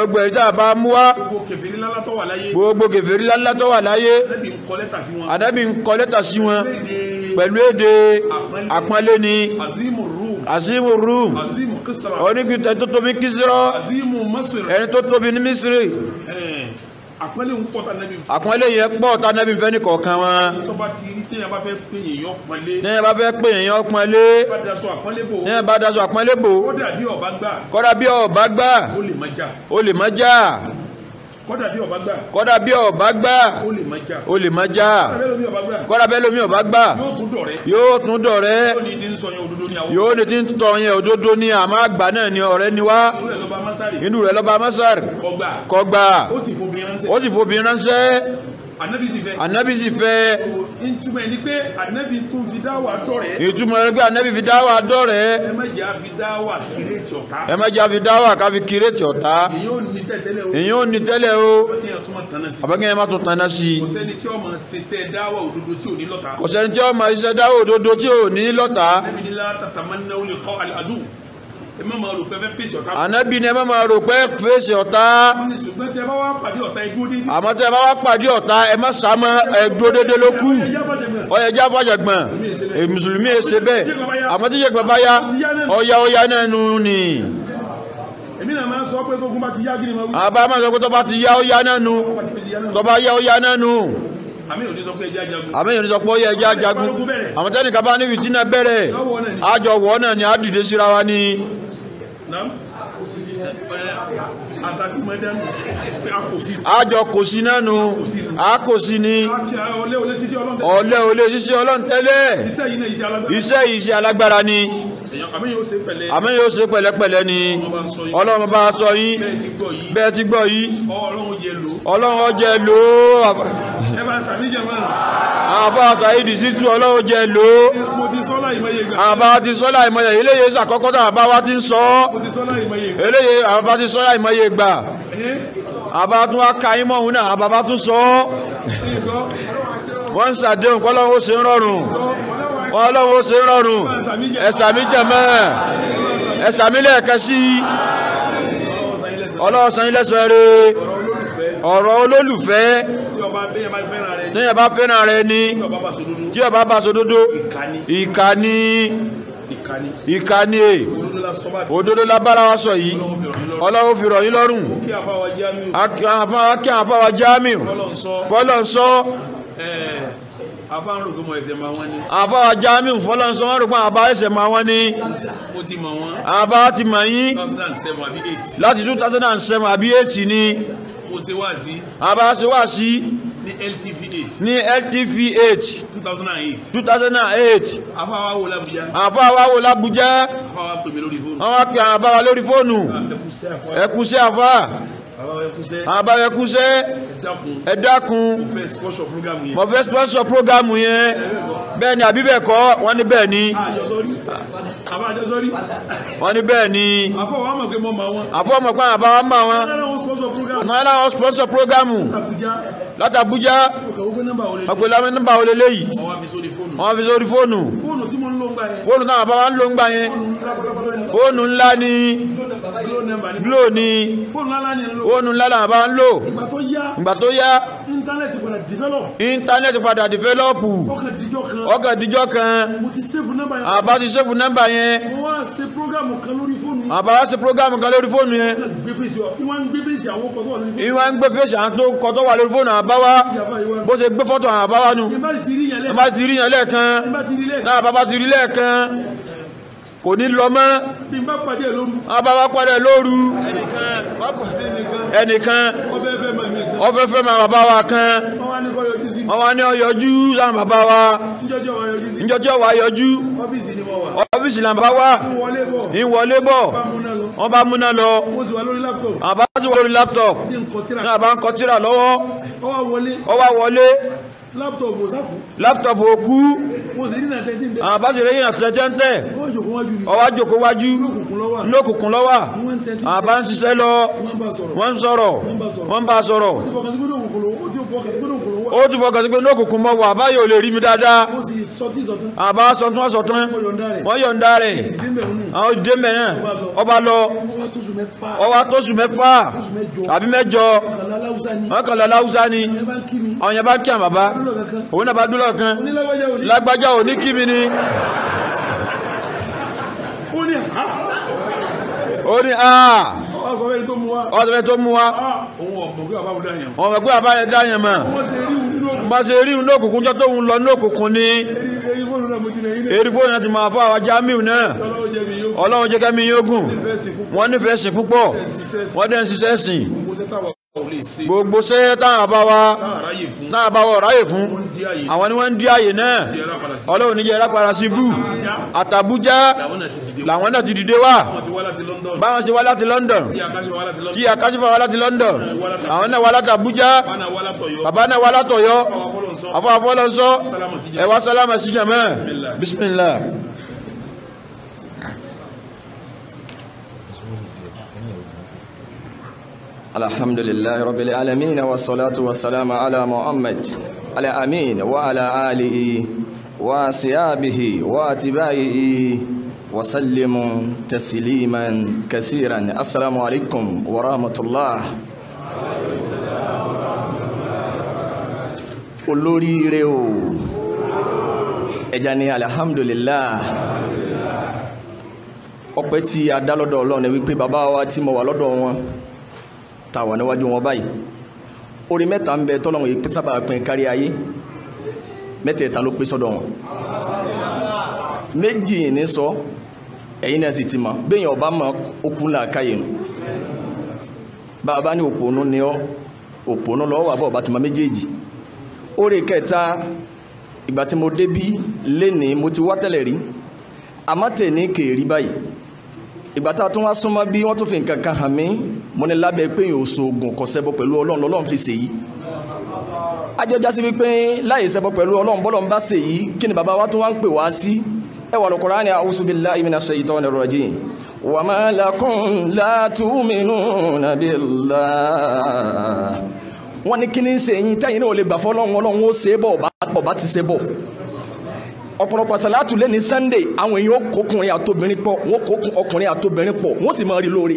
ẹgbẹ́ ìjà bá mú wá gbogbo kèfèrí lálá tó wà láyé àdábì ń kọ lẹ́tà sí wọn pẹ̀lú èdè àpọ́nlé ni azimu rum oníkì ẹni tó tóbi kísírọ́ ẹni tó tóbi ní misiri àpọ́nlé yẹn pọ̀ tá nẹ́bí fẹ́ ní kọ̀ọ̀kan wọn. tẹ́yìn bá fẹ́ pè èèyàn pọ́nlé. tẹ́yìn bá fẹ́ pè èèyàn pọ́nlé. tẹ́yìn bá daṣọ àpọ́nlé bò. kódà bí ọba gbà. kódà bí ọba gbà. ó lè má jà. ó lè má jà kódà bí ọba gbà kódà bí ọba gbà ó lè má já kódà bẹ́ẹ̀ lómi ọba gbà yóò tún dọ̀rẹ́ yóò ní tí ń tọ́ yẹn òdodo ní àmọ́ àgbà náà ni ọ̀rẹ́ ni wá inú rẹ̀ lọ́ba masari kọgbà ó sì fòbí ránṣẹ́ anabi sì fẹ́. anabi sì fẹ́. ìtumọ̀ ni pé anabi tún fi dá wà dọ̀ rẹ̀. ìtumọ̀ ni pé anabi fi dá wà dọ̀ rẹ̀. ẹ má jẹ́ àfi dá wà kírètì ọ̀tá. ẹ má ọ̀tá. èyí ò ní tẹ́lẹ̀ o. èyí ò o. àbẹ̀kẹ́ yẹn má tún tanná sí i. kò sẹ́ni tí ó máa ṣiṣẹ́ dáwà òdodo tí ò ṣiṣẹ́ dáwà òdodo tí ò ní lọ́ta ànábì ni ẹ má máa rò pé fèsì ọ̀tá àmọ́ tẹ́ ẹ bá wá pàdé ọ̀tá ẹ má sá mọ́ ẹ dúró déédéé ló kù ọyẹ jẹ́ àfàjàgbọ̀n mùsùlùmí ẹ ṣe bẹ́ẹ̀ àmọ́ tí jẹ́gbọ̀n bá yá ọya ọya náà nù ni èmi náà máa ń sọ pé sógun bá ti yá gírí máa wí. àbá máa sọ pé tó bá ti yá ó náà nu tó bá yá ó náà nu. àmì ò sọ pé ẹjẹ ajagun. àmì ò bá níbi tí náà bẹ̀rẹ̀ àjọ wọ̀ náà ni a dìde síra wa ni náà eh, àṣàtì mọ́dẹ́nu àkòsí. àjọ kòsí náà nu àkòsí ni ọlẹ́ olè ṣíṣe ọlọ́run tẹ́lẹ̀ iṣẹ́ yìí ṣe alágbára ni àmì yóò ṣe pẹ̀lẹ́pẹ̀lẹ́ ni ọlọ́run bá sọ yín bẹ́ẹ̀ ti gbọ́ yìí ọlọ́run ọjẹ́ lò àbá sàyídì sí tú ọlọ́run jẹ lò àbá ti sọ́lá ìmọ̀ye eléyè sàkọ́kọ́ tá àbá wa ti ń sọ ọ́ àbá ti sọ́lá ìmọ̀ye gbà àbá tún wá ka yín mọ́hún náà àbá tún sọ wọ́n ń ṣàdéhùn kọ́lọ́run ó rọrùn wọn ọlọ́run rọrùn ẹ̀sàmí jẹ̀mọ́ ẹ̀sàmí lẹ́ẹ̀kẹ́ sí ọlọ́run sanyí lẹ́sọ̀ọ́ rẹ̀ ọ̀rọ̀ olólùfẹ́ tí ọba fẹ́ràn rẹ ni tí ọba bá sòdodo ìkànnì ìkànnì ẹ̀ òdodo lábára wa sọ yìí ọlọ́run fi rọ̀ yín lọ́rùn kí àfáwà Jamiu fọ́lọ́ ń sọ àfáwà Jamiu fọ́lọ́ ń sọ wọ́n rò pé àbá ẹsẹ̀ máa wọ́n ní àbá ti mọ̀ yín láti 2007 àbí 8 ni mo ṣe wáàsí. àbá ṣe wáàsí. ní LTV eight. ní LTV eight. two thousand and eight. two wa wo l'Abuja. àfa wa wo l'Abuja. àfa wa pè mí lórí fóònù. àwọn apè àwọn abáwa lórí fóònù. ẹkùsẹ́ àfa abayẹkusẹ ẹ dákun mo fẹ́ sponsor programu yẹn bẹ́ẹ̀ ni àbí bẹ́ẹ̀ kọ́ wọ́n ní bẹ́ẹ̀ ni wọ́n ní bẹ́ẹ̀ ni àfọwọ́ mọ̀ pé àbá wọn mọ̀ wọn náà láwọn programu láti Abuja ọ̀pẹ̀ lámẹ́ nọ́mbà wọlé léyìí wọ́n fi sórí fóònù fóònù náà bá wà ń lò ń gbà yẹn fóònù ńlá ni glo ni fóònù ńlá là ń lò ìgbà tó yá ìgbà padà dìfẹ́lọ̀pù íńtánẹ́ẹ̀tì padà kan àbá ti ṣẹ́fù nọ́mbà yẹn àbá wá ṣe prógámù kan lórí fóònù yẹn ìwà ń gbé fèsì àwọn tó kọ wà lórí fóònù àbá wá bó ṣe gbé fọ́tò àbá wá nu àbá ti rí yẹn lẹ́ẹ̀kan náà àbá ti rí lẹ́ẹ̀kan kò ní lọ mọ́ ababa padà lóru ẹnìkan ọfẹ́fẹ́ máa bàbá wa kan wọ́n wá ní ọyọjú láwọn bàbá wa níjọ́jọ́ wa yọjú ọ́fíìsì làwọn bàbá wa ń wọlé bọ̀ wọ́n bá múná lọ àbá sì wọ́n lórí laptop ní àbá ń kọtíra lọ́wọ́ ó wá wọlé laptop òkú àwọn àbáṣe lẹ́yìn àtẹ̀tẹ̀ ọwá jòkó wájú lókùnkùn lọ́wà àwọn bá ń ṣiṣẹ́ lọ wọ́n ń sọ̀rọ̀ wọ́n ń bá sọ̀rọ̀ ó ti fọkàn sí pé lókùnkùn mọ́ wà báyìí ò lè rí mi dáadáa àbá sọtún ọ̀sọ̀tún wọ́n yọ̀ǹda rẹ̀ àwọn òdìdé mẹ́rin ọba lọ ọwá tóṣù mẹ́fà àbí mẹ́jọ wọ́n láwùsá ni àwọn yẹn bá kí àwọn bàbá òun náà bá dúró kan lágbájá lágbájá ò ní kí mi ni ó ní ha ó ní ha ọ̀sọ̀fẹ́ tó mú wa òun ọ̀pọ̀ pé àbáyẹ dáyẹ̀ mọ̀ bá ṣe rí un lókùnkùn jọ tóun lọ lókùnkùn ní eri fóònù náà ti máa fọ́ àwọn jamiu náà ọlọ́run jẹ́ kẹ́mi yógùn wọ́n nífẹ̀ẹ́ sìn púpọ̀ wọ́n dẹ̀ ń ṣiṣẹ́ sìn gbogbo sẹ́yẹ́ táwọn bá wa táwọn bá wa ráyè fún àwọn ni wọ́n ń dí àyè náà ọlọ́run níjẹ́ rápara sí bú àtàbújá làwọn náà ti dìde wá báwọn ṣe wá láti London kí akásífà wá láti London àwọn náà wá láti bàbá náà wá látọ̀yọ́ àfọwọ́fọ́ lọ́sọ́ sálámà sí jàmẹ́ bismillah. الحمد لله رب العالمين والصلاة والسلام على محمد على الأمين وعلى آله وصيابه واتباعه وسلم تسليما كثيرا السلام عليكم ورحمة الله olóríire o ẹja ni alihamdulilah ọpẹ́ tí a dá lọ́dọ̀ Ọlọ́run wípé bàbá wa tí mo wà lọ́dọ̀ wọn táwọn níwájú wọn báyìí orí mẹ́ta ń bẹ tọ́lọ́wọ̀n yìí sábà pín kárí ayé mẹ́tẹ̀ẹ̀ta ló pín sọ́dọ̀ wọn méjì ní sọ ẹ̀yin náà sì ti mọ̀ béèyàn ọba mọ̀ okun làákàyè nù bàbá ní òpònú ni ọ òpònú lọ́wọ́ wà bọ̀ ọba ti mọ méjèèjì orí kẹta ìgbà tí mo débí lénìí mo ti wá tẹ́lẹ̀ rí àmọ́ ní kèérí báyìí ìgbà tá a tún wá súnmọ́ bí wọ́n tún fi nǹkan kan hàn mí mo ní lábẹ́ pé yòó so oògùn kò ṣẹbọ pẹ̀lú ọlọ́run lọ́lọ́run fi ṣèyí ajọjá sí wípé láì ṣẹbọ pẹ̀lú ọlọ́run bọ́lọ́run bá ṣèyí kí ni bàbá wa tún wá ń pè wá sí ẹ wà lọ́kọ̀ọ́rá ni a'udhu billahi minash shaitonir rajim wa ma lakum la tu'minuna billah wọ́n ní kí ni ń ṣe yín tẹ́yìn náà lè gbà fọ́lọ́run ọlọ́run ó ṣe bọ̀ ọ̀bá ti ṣe bọ̀ ọ̀pọ̀lọpọ̀ sàlátù lẹ́ni sunday àwọn èèyàn ó kókùnrin àtobìnrin pọ̀ wọ́n kókùn ọkùnrin àtobìnrin pọ̀ wọ́n sì máa rí lóore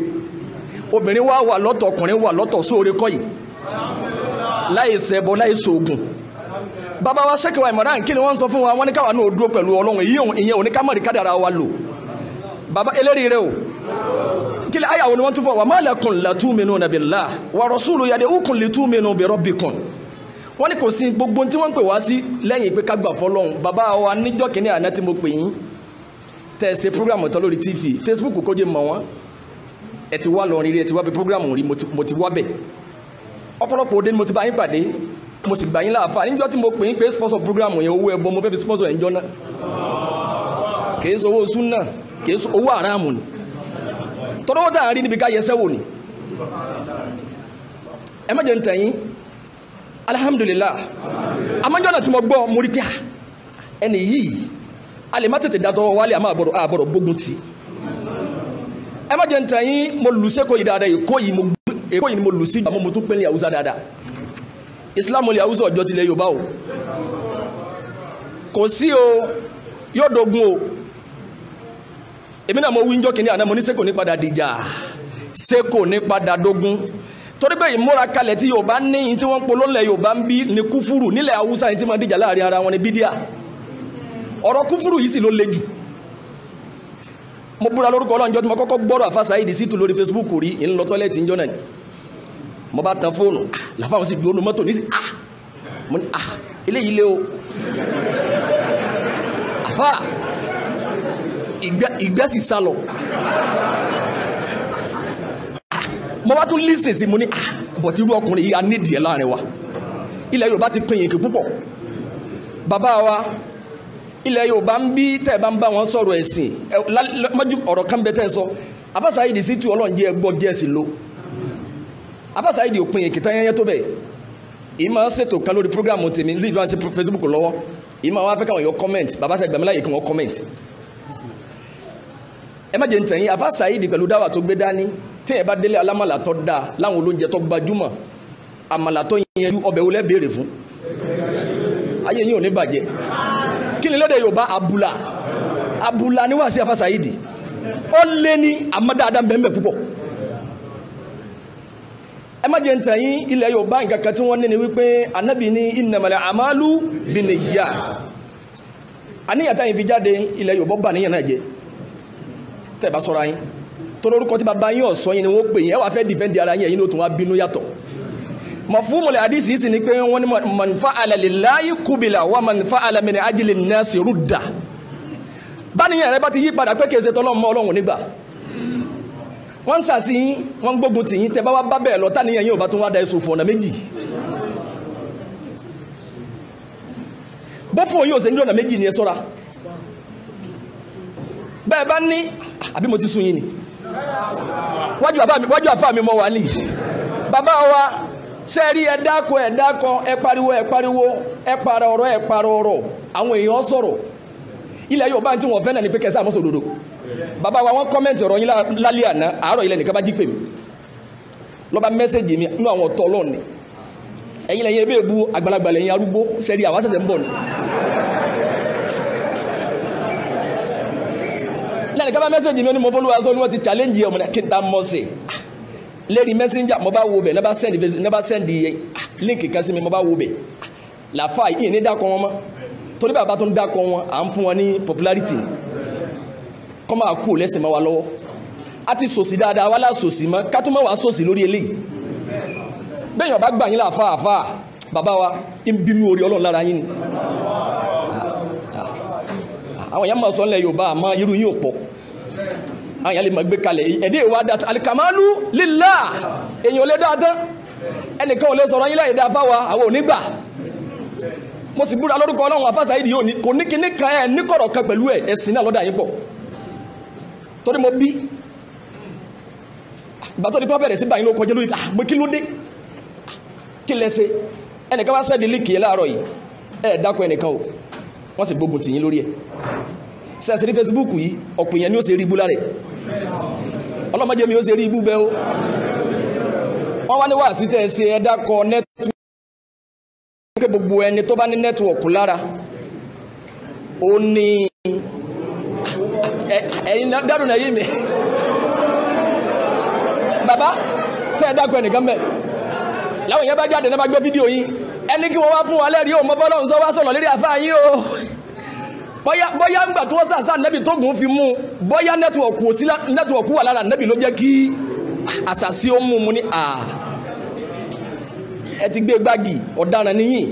obìnrin wá wà lọ́tọ̀ ọkùnrin wà lọ́tọ̀ sóore kọ́ yìí láì ṣẹbọ láì ṣoògùn bàbá wa ṣẹ́kẹ̀wá ìmọ̀ràn kí ni wọ́n ń sọ fún wa wọ́n ní káwa náà dúró pẹ̀lú ọlọ́run ìyẹn òní ká mọ̀rí kádàrá wa lò bàbá eléríire rẹ o kí ni àyàwó ni wọ́n tún fọ wa ma lakum la tu'minuna billah wa rasulu yad'ukum li tu'minu bi rabbikum wọ́n ní kò sí gbogbo tí wọ́n ń pè wá sí lẹ́yìn pé ká gbà bàbá wa níjọ́ kìíní àná tí mo pè yín tẹ́ programu tán lórí tv facebook kó jẹ́ mọ̀ wọ́n ẹ ti wá lọ rí rí ẹ ti wá bí programu rí mo ti wá bẹ̀ ọ̀pọ̀lọpọ̀ òde ni mo ti bá yín pàdé mo sì gbà yín láàfà níjọ́ tí mo pè yín pé sponsor programu yẹn owó ẹbọ mo fẹ́ fi sponsor ẹ̀ńjọ́ náà kìí sọ owó súnà kìí sọ owó àràmù ni tọ́lọ́wọ́ tá à ń rí níbi ká yẹsẹ́ wò ni ẹ má jẹ́ ń tẹ̀yìn alhamdulillah amájọ́nà tí mo gbọ́ mo rí pé ah, ẹni yìí a lè má tètè dá tọwọ́ wálé àmọ́ àbọ̀rọ̀ àbọ̀rọ̀ gbógun ti ẹ má jẹ́ nǹkan yín mo lù sí èkó yìí dáadáa èkó yìí ni mo lù sí mo tún pẹ́ ní àwùsá dáadáa islam olè àwùsá ọjọ́ tilẹ̀ yorùbá o kò sí o yóò dogun o èmi náà mo wí ń jọ́ kìnìún àná mo ní sẹ́kò ní padà dìjà sẹ́kò ní padà dogun torí pé ìmúra kalẹ̀ tí yorùbá ní yìí tí wọ́n ń polówó lẹ̀ yorùbá ń bí ní kúfúrù nílẹ̀ haúsá yìí tí wọ́n dìjà láàrin ara wọn ní bídíà ọ̀rọ̀ kúfúrù yìí sì ló le mo búra lórúkọ ọlọ́njọ́ tí mo kọ́kọ́ gbọ́rọ̀ àfàṣà yìí dìsítù lórí facebook rí ń lọ tọ́lẹ́tì ń jọ́nà mo bá tan fóònù ah, làfáwọn sì gbóònù mọ́tò nísì ah mo ah eléyìí lé o àfà ìgbà sì mo bá tún lísìn sí mo ní àbọ̀tí ah, irú ọkùnrin yìí a nídìí ẹ̀ láàrin wa ilẹ̀ Yorùbá ti pin yìnkì púpọ̀ bàbá wa ilẹ̀ Yorùbá ń bí tẹ́ ẹ bá ń bá wọn sọ̀rọ̀ ẹ̀sìn mọ́jú ọ̀rọ̀ kan bẹ tẹ́ sọ afásá yìí di sí ọlọ́run jẹ́ ẹgbọ́ díẹ̀ sí lo afásá yìí di òpin yìnkì tán yẹn tó bẹ̀ èyí máa ń ṣètò kan lórí programu tèmi ní Facebook lọ́wọ́ èyí máa wá comment bàbá sẹ́ gbàmíláyè kí comment ẹ má jẹ́ ntẹ̀yìn afásá yìí di pẹ̀lú dáwà tó gbé dání téèyàn bá délé alámàlà tó dáa láwọn olóúnjẹ tó gbajúmọ̀ àmàlà tó yẹnjú ọbẹ̀ wo lẹ béèrè fún ayé yín ò ní bàjẹ́ kí ni lóde Yorùbá abula abula ni wàásù afásayídì ó lé ní àmọ́dáadá bẹ́ẹ̀ púpọ̀ ẹ má jẹ́ ń tẹ̀yìn ilẹ̀ Yorùbá nǹkan kan tí wọ́n ní ni wípé anábì ní ìnàmọ̀lẹ̀ àmàlù bìnnìyàt àníyàn táyìn fi jáde ilẹ̀ Yorùbá bà níyàn náà jẹ tẹ̀ bá sọ́ra yín torí orúkọ tí bàbá yín ọ̀sọ́ yín ni wọ́n pè yín ẹ wà fẹ́ dìfẹ́ǹdì ara yín ẹ̀yin ló tún wá bínú yàtọ̀ mafhumul hadisi yìí sì ni pé wọ́n ní man fa'ala lillahi qubila wa man fa'ala min ajli nnasi rudda báníyàn rẹ bá ti yí padà pé kèsè tọ́lọ́mọ ọlọ́run nígbà wọ́n ń sàsí yín wọ́n ń gbógun tì yín tẹ́ bá wá bá bẹ́ẹ̀ lọ táníyàn yín ò bá tún wá da èso fún ọ̀nà méjì bọ́fọ̀ yóò ṣe ní ọ̀nà méjì ni ẹ sọ́ra bẹ́ẹ̀ bá ní àbí mo ti sun yín ni wájú bàbá mi wájú àfa mi mọ wà nìyí bàbá wa sẹ́ẹ̀rí ẹ dákọ ẹ dákọ ẹ pariwo ẹ pariwo ẹ para ọ̀rọ̀ ẹ para ọ̀rọ̀ àwọn èèyàn sọ̀rọ̀ ilẹ̀ Yorùbá tí wọ́n fẹ́ náà ni pé kẹsàn-án mọ́sọ̀ òdodo bàbá wa wọ́n kọ́mẹ́ǹtì ọ̀rọ̀ yín lálẹ́ àná àárọ̀ ilẹ̀ nìkan bá jí pè lọ́ba mẹ́sẹ̀jì mi nú àwọn ọ̀tọ̀ ọlọ́ọ̀ni ẹ̀yin lẹ́yìn ebéèbu àgbàlagbà lẹ́yìn arúgbó sẹ́ẹ̀rí àwa ṣẹ̀ṣẹ̀ ń bọ̀ ni ẹnìkan bá mẹ́sẹ̀jì mi ó ní mo fọ́lùwà sọ ni wọ́n ti challenge ọmọ náà kí n ta mọ́ sí i lérí messenger mo bá wo bẹ̀ nọ́bà send nọ́bà send link kan sí mi mo bá wo bẹ̀ làfà yìí ní dákọ̀ wọn mọ́ torí bàbá tó ń dákọ̀ wọn à ń fún wọn ní popularity kọ́ máa kú lẹ́sẹ̀ máa wà lọ́wọ́ a ti sòsì dáadáa wá láṣòsì mọ́ ká tó máa wà sòsì lórí eléyìí bẹ́ẹ̀yàn bá gbà yín láàfà àfà bàbá wa ń bínú orí ọlọ́run lára yín ni àwọn èèyàn máa sọ ńlẹ̀ Yorùbá àmọ́ irú yín ò pọ̀ àwọn èèyàn lè mọ̀ gbé kalẹ̀ ẹ̀dẹ́ ìwà dàtọ̀ alikamalu lillah èèyàn ò lè dá tán ẹnìkan ò lè sọ̀rọ̀ yín láyé dá fáwa àwọn onígbà mo sì búra lórúkọ ọlọ́run àfáàsà yìí yóò ní kò ní kíní kan ẹ̀ ní kọ̀rọ̀ kan pẹ̀lú ẹ̀ ẹ̀sìn náà lọ́dà yín pọ̀ torí mo bí ìgbà tó di pọ́ bẹ̀rẹ̀ sí báyìí ló kọjá lórí àmọ́ ah, kí ló dé kí lẹ́sẹ̀ ẹnìkan wá sẹ́ẹ̀dì líkì láàárọ̀ yìí ẹ̀ ẹnìkan o wọ́n sì gbógun tì yín lórí ẹ̀ sẹ́sìrí Facebook yìí ọ̀pọ̀ èèyàn ni ó ṣe rí ibú láre ọlọ́mọdé mi ó ṣe rí ibú bẹ́ ó wọ́n wá ní wà sí tẹ̀sí ẹ̀dá kọ nẹ́tíwọ̀kì gbogbo ẹni tó bá ní nẹ́tíwọ̀kì lára ó ní ẹ̀yin dádùn ẹ̀yìn mi bàbá sẹ́ ẹ̀dá kọ ẹnìkan bẹ̀ láwọn èèyàn bá jáde náà bá gbé fídíò yín ẹni kí wọ́n wá fún wa lẹ́rìí òun mọ́fọ́lọ́hún sọ wá sọ̀rọ̀ lérí o bóyá bóyá ńgbà tí wọ́n sàṣà nẹ́bì tó gùn fi mú bóyá nẹ́tíwọ̀kù sí nẹ́tíwọ̀kù wà lára nẹ́bì ló jẹ́ kí àṣàṣì ó mú mu ní à ẹ ti gbé gbági ọ̀daràn níyìn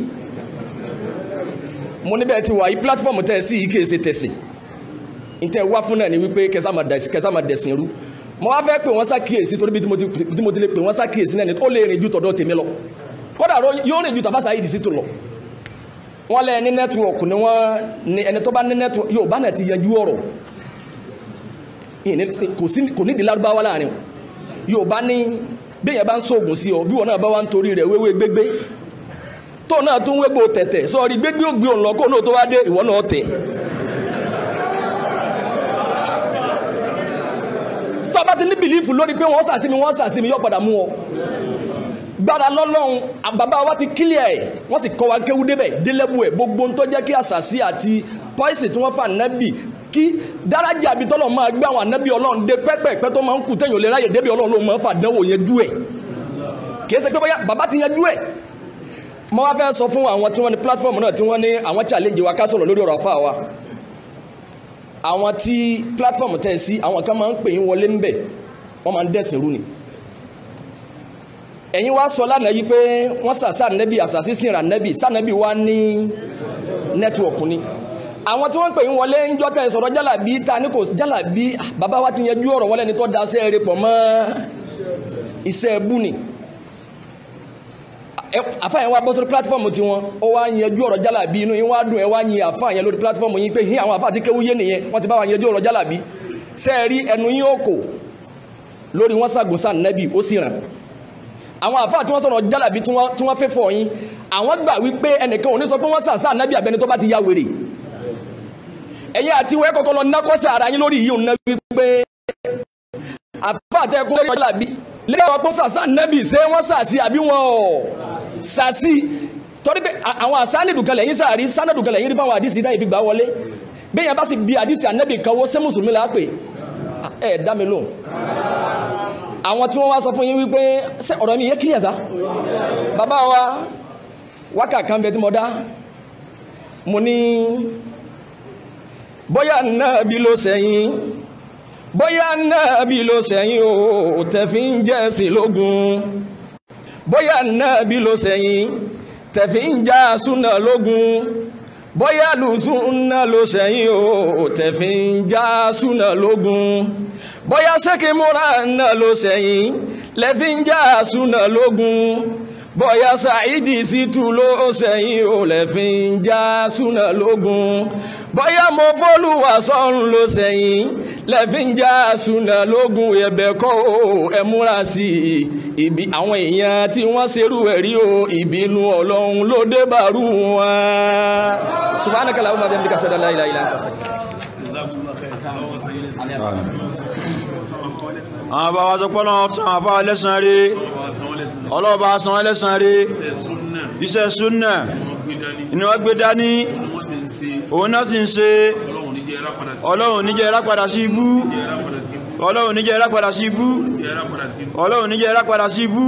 mo níbẹ̀ ti wà yí pílátífọ̀mù tẹ̀ sí yìí kìí ṣe tẹ̀sìn ìtẹ̀ wá fún náà ni wípé kẹsà máa dẹ̀sìn rú mo wá fẹ́ pè wọ́n ṣàkíyèsí torí bí tí mo ti lè pè wọ́n ṣàkíyèsí náà ni ó lè rìn ju tọ̀dọ̀ tèmi lọ kódà yóò rìn ju tàfàṣà yìí dì sí tó lọ wọ́n lẹ́ ní nẹ́tíwọ̀kù ni wọ́n ní ẹni tó bá ní nẹ́tíwọ̀kù yóò bá náà ti yanjú ọ̀rọ̀ kò nídìí lárúbáwá láàrin yóò bá ní bẹ́yẹn bá ń sóògùn sí ọ bí wọn náà bá wá ń torí rẹ̀ wéwé gbégbé tó náà tún wégbó tẹ̀tẹ̀ sọ́ọ́rí gbégbé ògbé òun lọ kó náà tó wá dé ìwọ náà tẹ̀ tó bá ti ní bìlífù lórí pé wọ́n wọ́n yóò padà mú ọ gbára lọ́lọ́run bàbá wa ti kílẹ̀ ẹ̀ wọ́n sì kọ́ wa kéwú débẹ̀ délẹ́bù ẹ̀ gbogbo ń tọ́jẹ́ kí àṣàṣì àti pọ́ìsì tí wọ́n fà nábì kí dárájà àbí tọ́lọ̀ máa gbé àwọn ànábì ọlọ́run dé pẹ́pẹ́pẹ́ tó máa ń kù tẹ̀yìn ò lè ráyè débi ọlọ́run ló máa ń fàdánwò yanjú ẹ̀ kì í ṣe pé bóyá bàbá ti yanjú ẹ̀ mo wá fẹ́ sọ fún àwọn tí wọ́n ní platform náà tí wọ́n ní àwọn challenge wa ká sọ̀rọ̀ lórí ọ̀rọ̀ àfa wa àwọn tí platform tẹ̀ sí àwọn kan máa ń pè yín wọlé ńbẹ̀ wọ́n máa ń dẹ̀sìn rú ni ẹ̀yin wá sọ lánàá yìí pé wọ́n sàṣà nẹ́bì àṣàṣì sìnrà nẹ́bì sànẹ́bì wá ní nẹ́tíwọ̀kù ni àwọn tí wọ́n ń pè ń wọlé ń jọ́tẹ̀ sọ̀rọ̀ jálàbí ta ní kò jálàbí ah, bàbá wa ti yanjú ọ̀rọ̀ wọlé ni tó da ṣe eré pọ̀ mọ́ iṣẹ́ ẹbú ni àfáàyàn wa bọ́ sórí pílátífọ́ọ̀mù tí wọ́n ó wá yanjú ọ̀rọ̀ jálàbí inú yín wá dùn ẹ wá yin àfáàyàn lórí pílátífọ́ọ̀mù yín pé hí àwọn àfáà ti kéwú yé nìyẹn wọ́n ti bá wa yanjú ọ̀rọ̀ jálàbí ṣẹ́ẹ̀rí ẹnu yín ó kò lórí wọ́n ṣàgùnsàn nẹ́bì ó sì ràn àwọn àfáà tí wọ́n sọ̀rọ̀ jálàbí tí wọ́n fẹ́ fọ̀ yín àwọn gbà wípé ẹnìkan ò ní sọ pé wọ́n sàṣà nábì àbẹni tó bá ti ya wèrè ẹ̀yin àti wọ́n kọ́kọ́ lọ nákọ́sẹ̀ ara yín lórí yìí òun wípé àfáà tẹ́ lórí jálàbí lẹ́yìn ọ̀pọ̀ sàṣà nábì ṣé wọ́n sàṣì àbí wọn ò sàṣì torí pé àwọn àṣánìdùkẹlẹ̀ yín sàárí sánàdùkẹlẹ̀ yín rí báwọn àdìsí táyì fi gbà wọlé bẹ́ẹ̀ yẹn bá sì bí àdìsí ànábì kan wó ṣé mùsùlùmí ẹ̀ dá lóhùn àwọn tí wọ́n wá sọ fún yín wípé ọ̀rọ̀ mi yẹ kílíà sá bàbá wa wákà kan bẹ tí mo dá mo ní bóyá náà bí ló sẹ́yìn bóyá náà bí ló sẹ́yìn o tẹ̀fí ń jẹ́ sí lógun bóyá náà bí ló sẹ́yìn tẹ̀fí ń já súnà lógun bóyá lùsùnà ló sẹ́yìn o tẹ̀fí ń já súnà lógun bóyá ṣé kí múra náà ló sẹ́yìn lẹ́fí já súnà lógun bọ́yá ṣáìdì sí tu ló ṣẹ̀yìn ò lẹ́fin já súnà lógun bọ́yá mo fọ́lùwà sọ́run ló ṣẹ̀yìn lẹ́fin já súnà lógun ẹ̀bẹ̀ kọ́ o ẹ sí ibi àwọn èèyàn tí wọ́n ṣerú ẹ̀ rí o ìbínú ọlọ́run ló dé wọn. subhanaka allahumma wa bihamdika ashhadu an la ilaha àwọn bá wa sọ pé ọlọ́run san àfa ẹlẹ́sàn rí ọlọ́run bá san ẹlẹ́sàn rí iṣẹ́ súnà ni wọ́n gbé dání òun náà sì ń ṣe ọlọ́run níjẹ́ ẹ̀rá padà sí ibú ọlọ́run níjẹ́ ẹ̀rá padà sí ibú ọlọ́run níjẹ́ ẹ̀rá sí ibú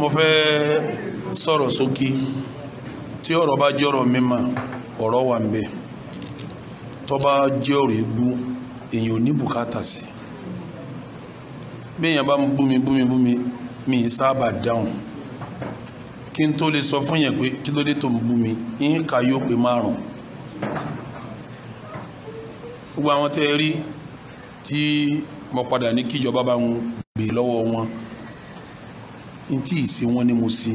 mo fẹ́ sọ̀rọ̀ sókè. So tí ọ̀rọ̀ bá jẹ́ ọ̀rọ̀ mímọ́ ọ̀rọ̀ wà ń bẹ tó bá jẹ́ ọ̀rọ̀ ebú èèyàn ní bùkátà sí béèyàn bá ń búmi búmi búmi mi ì sábà dáhùn kí n tó lè sọ fún yẹn pé kí ló dé tó ń búmi ń kà yóò pé márùn gbogbo àwọn tẹ́ rí tí mo padà ní kíjọba bá ń gbé lọ́wọ́ wọn n tí ì wọn ni mo ṣe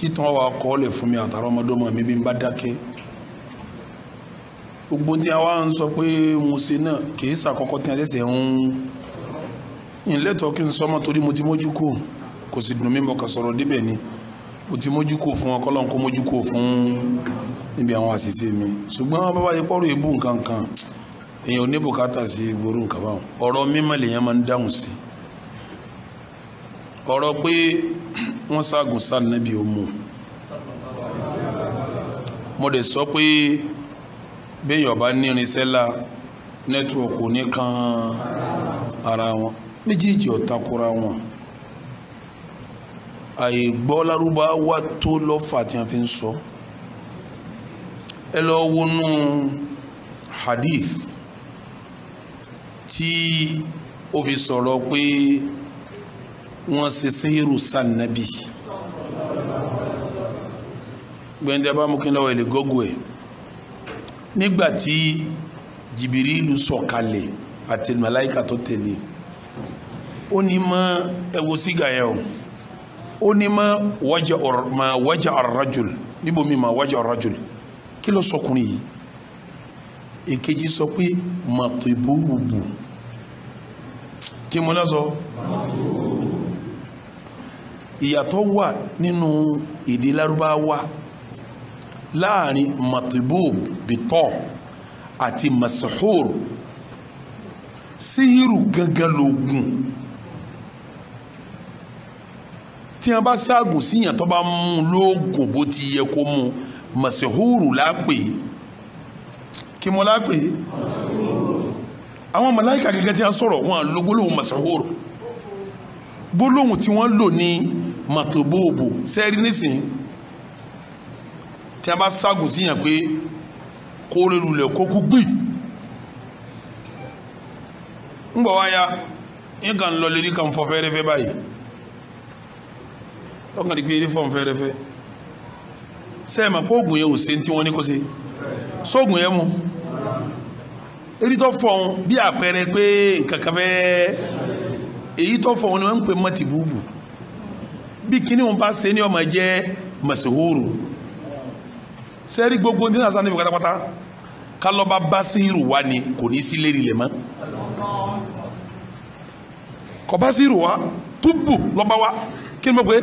títàn wa kọ́ lè fún mi àtàrà ọmọdọ́mọ mi bí n bá dákẹ́ gbogbo tí a wá ń sọ pé mo ṣe náà kìí ṣàkọ́kọ́ tí a ṣẹ̀ṣẹ̀ ń ìlẹ́tọ̀ọ́ kí n sọ́mọ́ torí mo ti mójú kò kò sì dùn mí mo kà sọ̀rọ̀ débẹ̀ ni mo ti mójú kò fún ọ kọ́lọ́n kó mójú kò fún níbi àwọn àṣìṣe mi ṣùgbọ́n bàbá yìí pọ́rọ̀ èébù nǹkan kan èèyàn ò ní sí gbòòrò nǹkan báwọn ọ̀rọ̀ mímọ́ lèèyàn máa ń dáhùn sí i ọ̀rọ̀ pé wọ́n ságùn sáà nàbí òmù mo dẹ̀ sọ pé béèyàn bá ní irinṣẹ́ la nẹ́tíwọ̀kù ní kan ara wọn méjèèjì ọ̀takura wọn àyè gbọ́ lárúbáwá tó lọ́fà tí a fi ń sọ ẹ lọ wọnú hadith tí ó fi sọ̀rọ̀ pé wọ́n ṣe sehiru sannabi gbẹ̀ndẹ̀ bá mú kí n lọ́wọ́ ilé gọ́gùn ẹ̀ nígbàtí jìbìrìlù sọ̀kalẹ̀ àti màláìka tó tẹ̀lé ó ní mọ́ ẹwọ sígà yẹ o ó ní mọ́ wájà ar níbo mi ma wájà ar-rajul kí ló sọkùnrin yìí èkejì sọ pé màtìbúùbù kí mo lọ sọ màtìbúùbù ìyàtọ̀ wà nínú èdè lárúbáwá láàrin matibub bitọ àti masahur sihiru gangan lóògùn tí wọn bá ságùn síyàn tó bá mú lóògùn bó ti yẹ kó mú masahuru lápè kí mo lápè àwọn màláíkà gẹ́gẹ́ tí wọn sọ̀rọ̀ wọn lọ masahuru gbólóhùn tí wọn lò ní màtòbóòbò sẹ́rí nísìn tí a bá ságùn síyàn pé kó lè lulẹ̀ kó kú gbì ń bọ̀ wáyà ń kàn lọ lè rí kan fọ fẹ́rẹ́fẹ́ báyìí lọ́kàn rí pé rí fọ́n fẹ́rẹ́fẹ́ sẹ́ẹ̀mà pé oògùn yẹn ò ṣe tí wọ́n ní kó ṣe sóògùn yẹn mu èyí tó fọ̀hún bí àpẹẹrẹ pé nǹkan èyí tó fọ̀hún ni wọ́n ń pè mọ́tì búùbù bí kíní wọn bá ṣe ní ọmọ jẹ́ mẹsìwòrò sẹ́rí gbogbo ní sàn níbi pátápátá kálọ́ba bá sí irú wa ni kò ní sí lérí lẹ̀ mọ́ kọba sí irú wa túbù lọ́ba wa kí ni mo pè é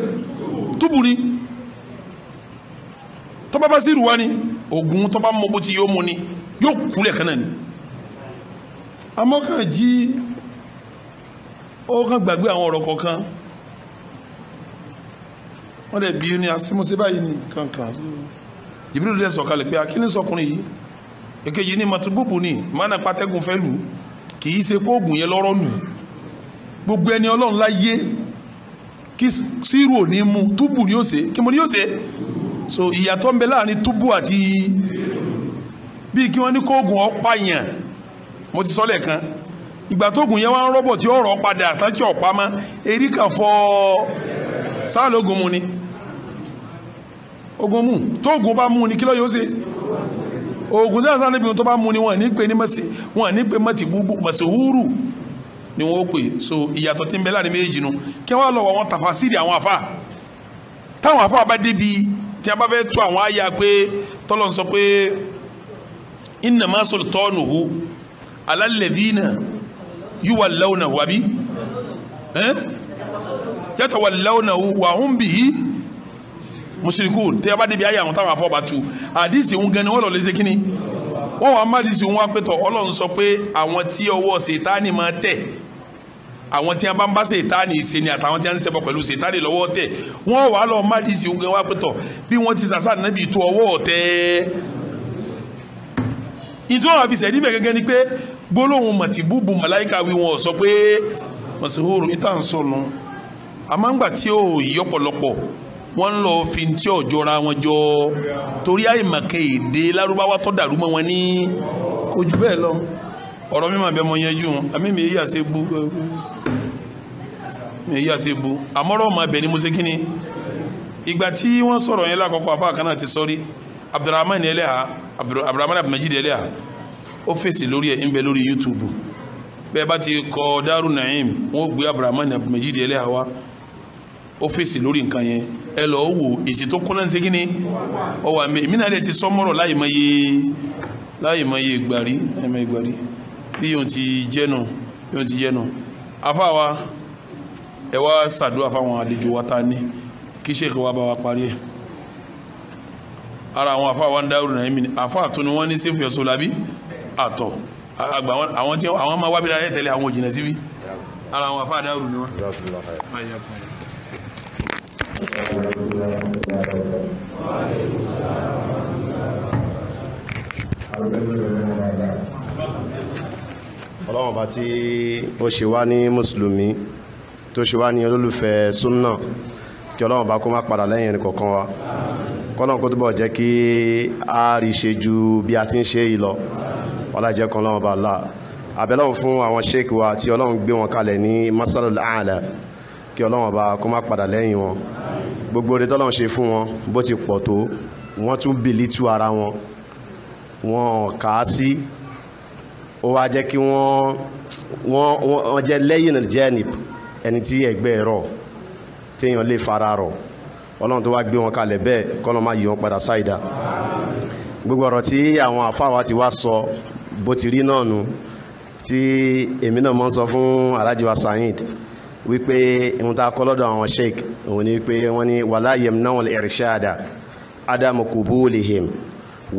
túbù ni tọ́ba bá sí irú wa ni oògùn tọ́ba mọ bó ti yóò mu ni yóò kúlẹ̀ kan náà ni amọ́kàn jí ó kàn gbàgbé àwọn ọ̀rọ̀ kọ̀ọ̀kan wọ́n dẹ̀ bí ní asimuse báyìí ní kankan Jibril dẹ̀ sọ̀kalẹ̀ pé akíní sọkùnrin yìí èkejì ní matububu ní mana patẹ́gùn fẹ́ lù kì í ṣe kóògùn yẹn lọ́rọ́ lù gbogbo ẹni ọlọ́run láyé kí sírù ní mú túbù ni ó ṣe kí mo ní ó ṣe so ìyàtọ̀ ń bẹ láàrin túbù àti bíi kí wọ́n ní kóògùn ọ̀pá yẹn mo ti sọ lẹ́ẹ̀kan ìgbà tóògùn yẹn wá ń rọ́bọ̀ tí ó rọ̀ padà tán ọ̀pá mọ́ eríkà fọ́ ọ́ sáà lógun mu ni ogun mu tó ogun bá mu ni kí ló yóò ṣe ogun tí wọn sáré níbi tó bá mu ni wọn ní pé ní mẹsì wọn ní pé mẹtì búbú mẹsì húrù ni wọn ó pè so ìyàtọ̀ tí ń bẹ láàrin méjèèjì nu kí wọn lọ wọ àwọn tàfàsírì àwọn àfa táwọn àfa bá débi tí a bá fẹ́ tú àwọn àyà pé tọ́lọ̀ ń sọ pé innama sultanuhu ala alladhina yuwallawnahu àbí ẹ́ yatawallawnahu wa hum bihi mushrikun tẹ́ ẹ bá débi ayé àwọn táwọn afọ́ bá tu àdìsí ń gẹni wọ́n lọ lé ṣe kínní wọ́n wàá má àdìsí ń wá pẹ́tọ̀ ọlọ́run sọ pé àwọn tí ọwọ́ ṣètáni máa tẹ̀ àwọn tí a bá ń bá sèétáàní ṣe ni àtàwọn tí a ń ṣẹbọ pẹ̀lú sèétáàní lọ́wọ́ tẹ̀ wọ́n wà á lọ má di ìsìn ogun wa pẹ̀tọ̀ bí wọ́n ti sàṣà níbi ìtú ọwọ́ tẹ́. ìtú àwọn àfisẹ̀ níbẹ̀ gẹ́gẹ́ ni pé gbólóhùn màtìbúbù màláìka àmọ́ ńgbà tí ó yí ọ̀pọ̀lọpọ̀ wọ́n ń lọ fi tí ò jọra wọn jọ torí àìmọ̀kẹ́ èdè lárúbáwá tó dàrú mọ́ wọn ní kò jù lọ ọ̀rọ̀ mímọ̀ bẹ́ẹ̀ mọ yanjú àmì mi èyí àṣẹ bu mi èyí àṣẹ bu àmọ́rọ̀ ọmọ abẹ ni mo ṣe kí ni ìgbà tí wọ́n sọ̀rọ̀ yẹn lákọ̀ọ́kọ́ afá kan náà ti sọ́rí Abdulrahman Eleha Abdulrahman Abdulmajid Eleha ó fèsì lórí ẹ̀ ń bẹ lórí YouTube bẹ́ẹ̀ bá ti kọ Darul Naim wọ́n gbé Abdulrahman Abdulmajid Eleha wá ọ́fíìsì lórí nǹkan yẹn ẹ lọ ó wò èsì tó kúnná ṣe kíni ọwọ́ àmì èmi náà lè ti sọ mọ́rọ̀ láì mọ iye láì mọ iye ìgbàrí láì mọ ìgbàrí bí yóò ti jẹ́ nù yóò ti jẹ́ nù afá wa ẹ wá ṣàdúrà fáwọn àlejò wa ta ní kí sèkè wa bá wa parí ẹ̀ ara àwọn afá wa ń dárò náà ẹ̀mí afá àtún ni wọ́n ní sèfì ọ̀ṣọ́ làbí àtọ̀ àgbà àwọn tí àwọn máa wábìlà ẹ̀ tẹ́lẹ̀ àwọn òjìnà síbí ara àwọn afá dárò ni wọ́n ọlọ́wọ̀n bá tí ó ṣe wá ní mùsùlùmí tó ṣe wá ní olólùfẹ́ súnnà kí ọlọ́wọ̀n bá kó má padà lẹ́yìn ẹni kọ̀ọ̀kan wa kọ́nà kó túbọ̀ jẹ́ kí a rí ṣe ju bí a ti ń ṣe yìí lọ ọlájẹ́ bá là abẹ́lọ́wọ̀n fún àwọn ṣéèkì wa tí ọlọ́wọ̀n gbé wọn kalẹ̀ ní masalul aala kí ọlọ́run ọba kó má padà lẹ́yìn wọn gbogbo oore tọ́lọ́run ṣe fún wọn bó ti pọ̀ tó wọ́n tún bìlí tú ara wọn wọn kà á sí ó wá jẹ́ kí wọ́n wọ́n jẹ́ lẹ́yìn jẹ́nìp ẹni tí ẹgbẹ́ ẹ̀rọ téèyàn lè fara rọ̀ ọlọ́run tó wá gbé wọn kalẹ̀ bẹ́ẹ̀ kọ́lọ́ má yí wọn padà sáìdá gbogbo ọ̀rọ̀ tí àwọn àfáwà ti wá sọ bó ti rí náà nu tí èmi náà mọ́ sọ fún alájíwá Saheed wípé ìhun tá a kọ́ lọ́dọ̀ àwọn sheik òun ni pé wọ́n ní wàlá yamnawul irshada adamu kubulihim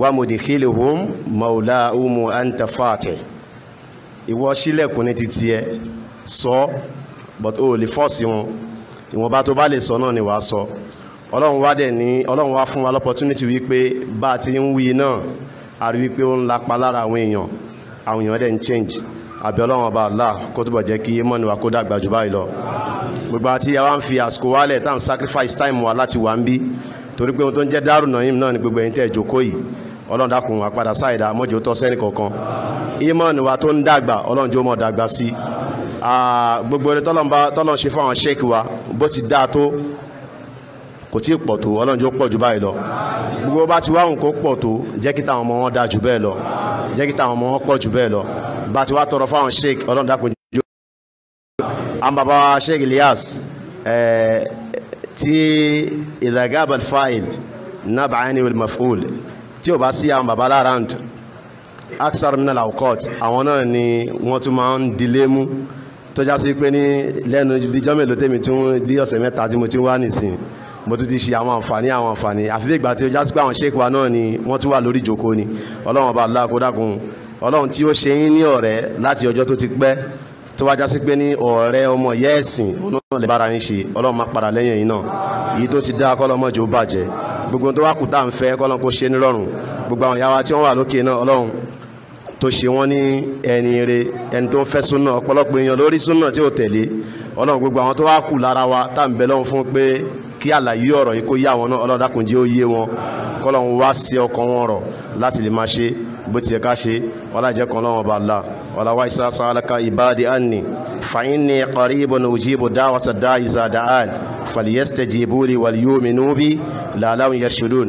wa mudikhiluhum maula umu anta fati ìwọ sílẹ̀kùn ní títí ẹ sọ but o lè fọ́ọ̀sì wọn ìwọ̀nba tó bá lè sọ náà ni wàá sọ ọlọ́run wá dẹ̀ ní ọlọ́run wá fún wa lọ́pọ̀túnítì wípé bá a ti ń wí náà a rí wípé ó ń lapa lára àwọn èèyàn àwọn èèyàn dẹ̀ ń change àbí ọlọ́run ọba Allah kó túbọ̀ jẹ́ kí mọ́ni wa kó dàgbà jù báyìí lọ gbogbo àti ìyá wa ń fi àsìkò wálẹ̀ tá à ń sacrifice time wa láti wà ń bí torí pé ohun tó ń jẹ́ Daaru Naim náà ni gbogbo ẹ̀yin tẹ́ jókòó yìí ọlọ́run dákun àpadà sáìdá mọ́jọ́ tọ́ sẹ́ni kọ̀ọ̀kan ìmọ̀ọ́nì wa tó ń dàgbà ọlọ́run jó mọ̀ dàgbà sí gbogbo ẹni tọ́lọ́n ṣe fún àwọn ṣéèkì wa bó ti dáa tó kò tí ì pọ̀ tó ọlọ́run jẹ́ ó pọ̀ jù báyìí lọ gbogbo bá ti wáhùn kó pọ̀ tó jẹ́ kí táwọn ọmọ wọn dáa jù bẹ́ẹ̀ lọ jẹ́ kí táwọn ọmọ wọn pọ̀ jù bẹ́ẹ̀ lọ bá ti wá tọrọ fáwọn sheik ọlọ́run dákun jù àmàbà sheik Ilyas tí ìdàgàbà fáìl nàbàáni wal maf'ul tí ò bá sí àwọn bàbá lárand aksar minal awqat àwọn náà ni wọ́n tún máa ń dilé mú tó já sí pé ní lẹ́nu bíjọ́ mélòó tèmi tún bí ọ̀sẹ̀ mẹ́ta tí mo ti wá nìsín mo tún ti ṣe àwọn àǹfààní àwọn àǹfààní àfi bí ìgbà tí ó já sí pé àwọn ṣéèkì wa náà ni wọ́n tún wà lórí ìjókòó ni ọlọ́run ọba Allah kó dákun ọlọ́run tí ó ṣe yín ní ọ̀rẹ́ láti ọjọ́ tó ti pẹ́ tó wá já sí pé ní ọ̀rẹ́ ọmọ ìyá ẹ̀sìn náà lè bára yín ṣe ọlọ́run máa padà lẹ́yìn yín náà èyí tó ti dá kọ́lọ́mọ́jì ó bàjẹ́ gbogbo tó wá kù tá à ń fẹ́ kọ́lọ́n kí àlàyé ọ̀rọ̀ yìí kó yá wọn náà ọlọ́run dákun jẹ́ ó yé wọn kọ́lọ́run wá sí ọkàn wọn rọ̀ láti lè máa ṣe bó ti yẹ ká ṣe ọlájẹ́ kan lọ́wọ́ bá la ọ̀làwá ìsásá alaka ìbáàdì àní fàyínní qaribun ujibu dáwọ́tà dá ìzàdá àn falyastajibu li wal yu'minu bi làlàun yarshudun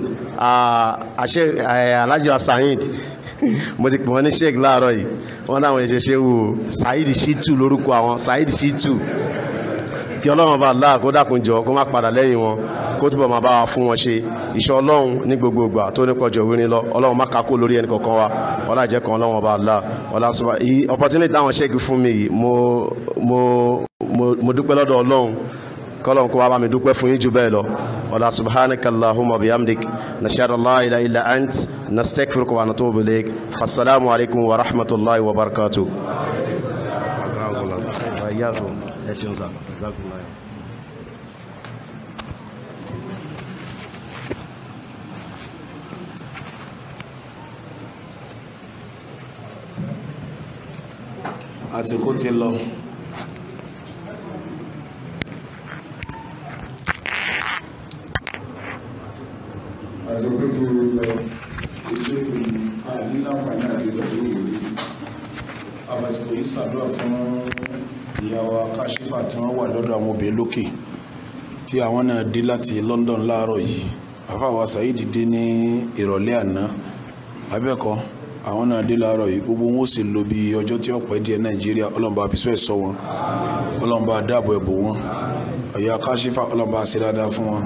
àṣẹ alájọ Saheed mo ti pè wọ́n ní sheik láàárọ̀ yìí wọ́n láwọn ẹ̀ṣẹ̀ ṣe wò Saheed Shittu lórúkọ àwọn Saheed Shittu kí ọlọ́run bá Allah kó dákun jọ kó má padà lẹ́yìn wọn kó túbọ̀ máa bá wa fún wọn ṣe iṣẹ́ ọlọ́run ní gbogbo ìgbà tó ní kọjọ wíní lọ ọlọ́run má kakó lórí ẹnì kọ̀ọ̀kan wa ọlá jẹ́ kan ọlọ́run bá Allah ọlá sọ opportunity táwọn ṣẹ́gi fún mi yìí mo mo mo dúpẹ́ lọ́dọ̀ ọlọ́run kọlọ́n kó wa bá mi dúpẹ́ fún yín jù bẹ́ẹ̀ lọ ọ̀la subhanaka allahumma bihamdik nashhadu an la ilaha illa wa natubu wa rahmatullahi wa ẹ ṣeun sá àsìkò ti lọ. àfáà tí wọ́n wà lọ́dọ̀ àwọn obìnrin lókè tí àwọn náà dé láti London láàárọ̀ yìí àfáà wa Saheed dé ní ìrọ̀lẹ́ àná abẹ́kọ̀ àwọn náà dé láàárọ̀ yìí gbogbo wọn ó sì lò bí ọjọ́ tí ọ̀pẹ́ díẹ̀ Nàìjíríà ọlọ́mọba àfisọ́ ẹ̀ sọ wọn ọlọ́mọba àdáàbò ẹ̀bù wọn ọ̀yà káṣífà ọlọ́mọba àṣẹ dáadáa fún wọn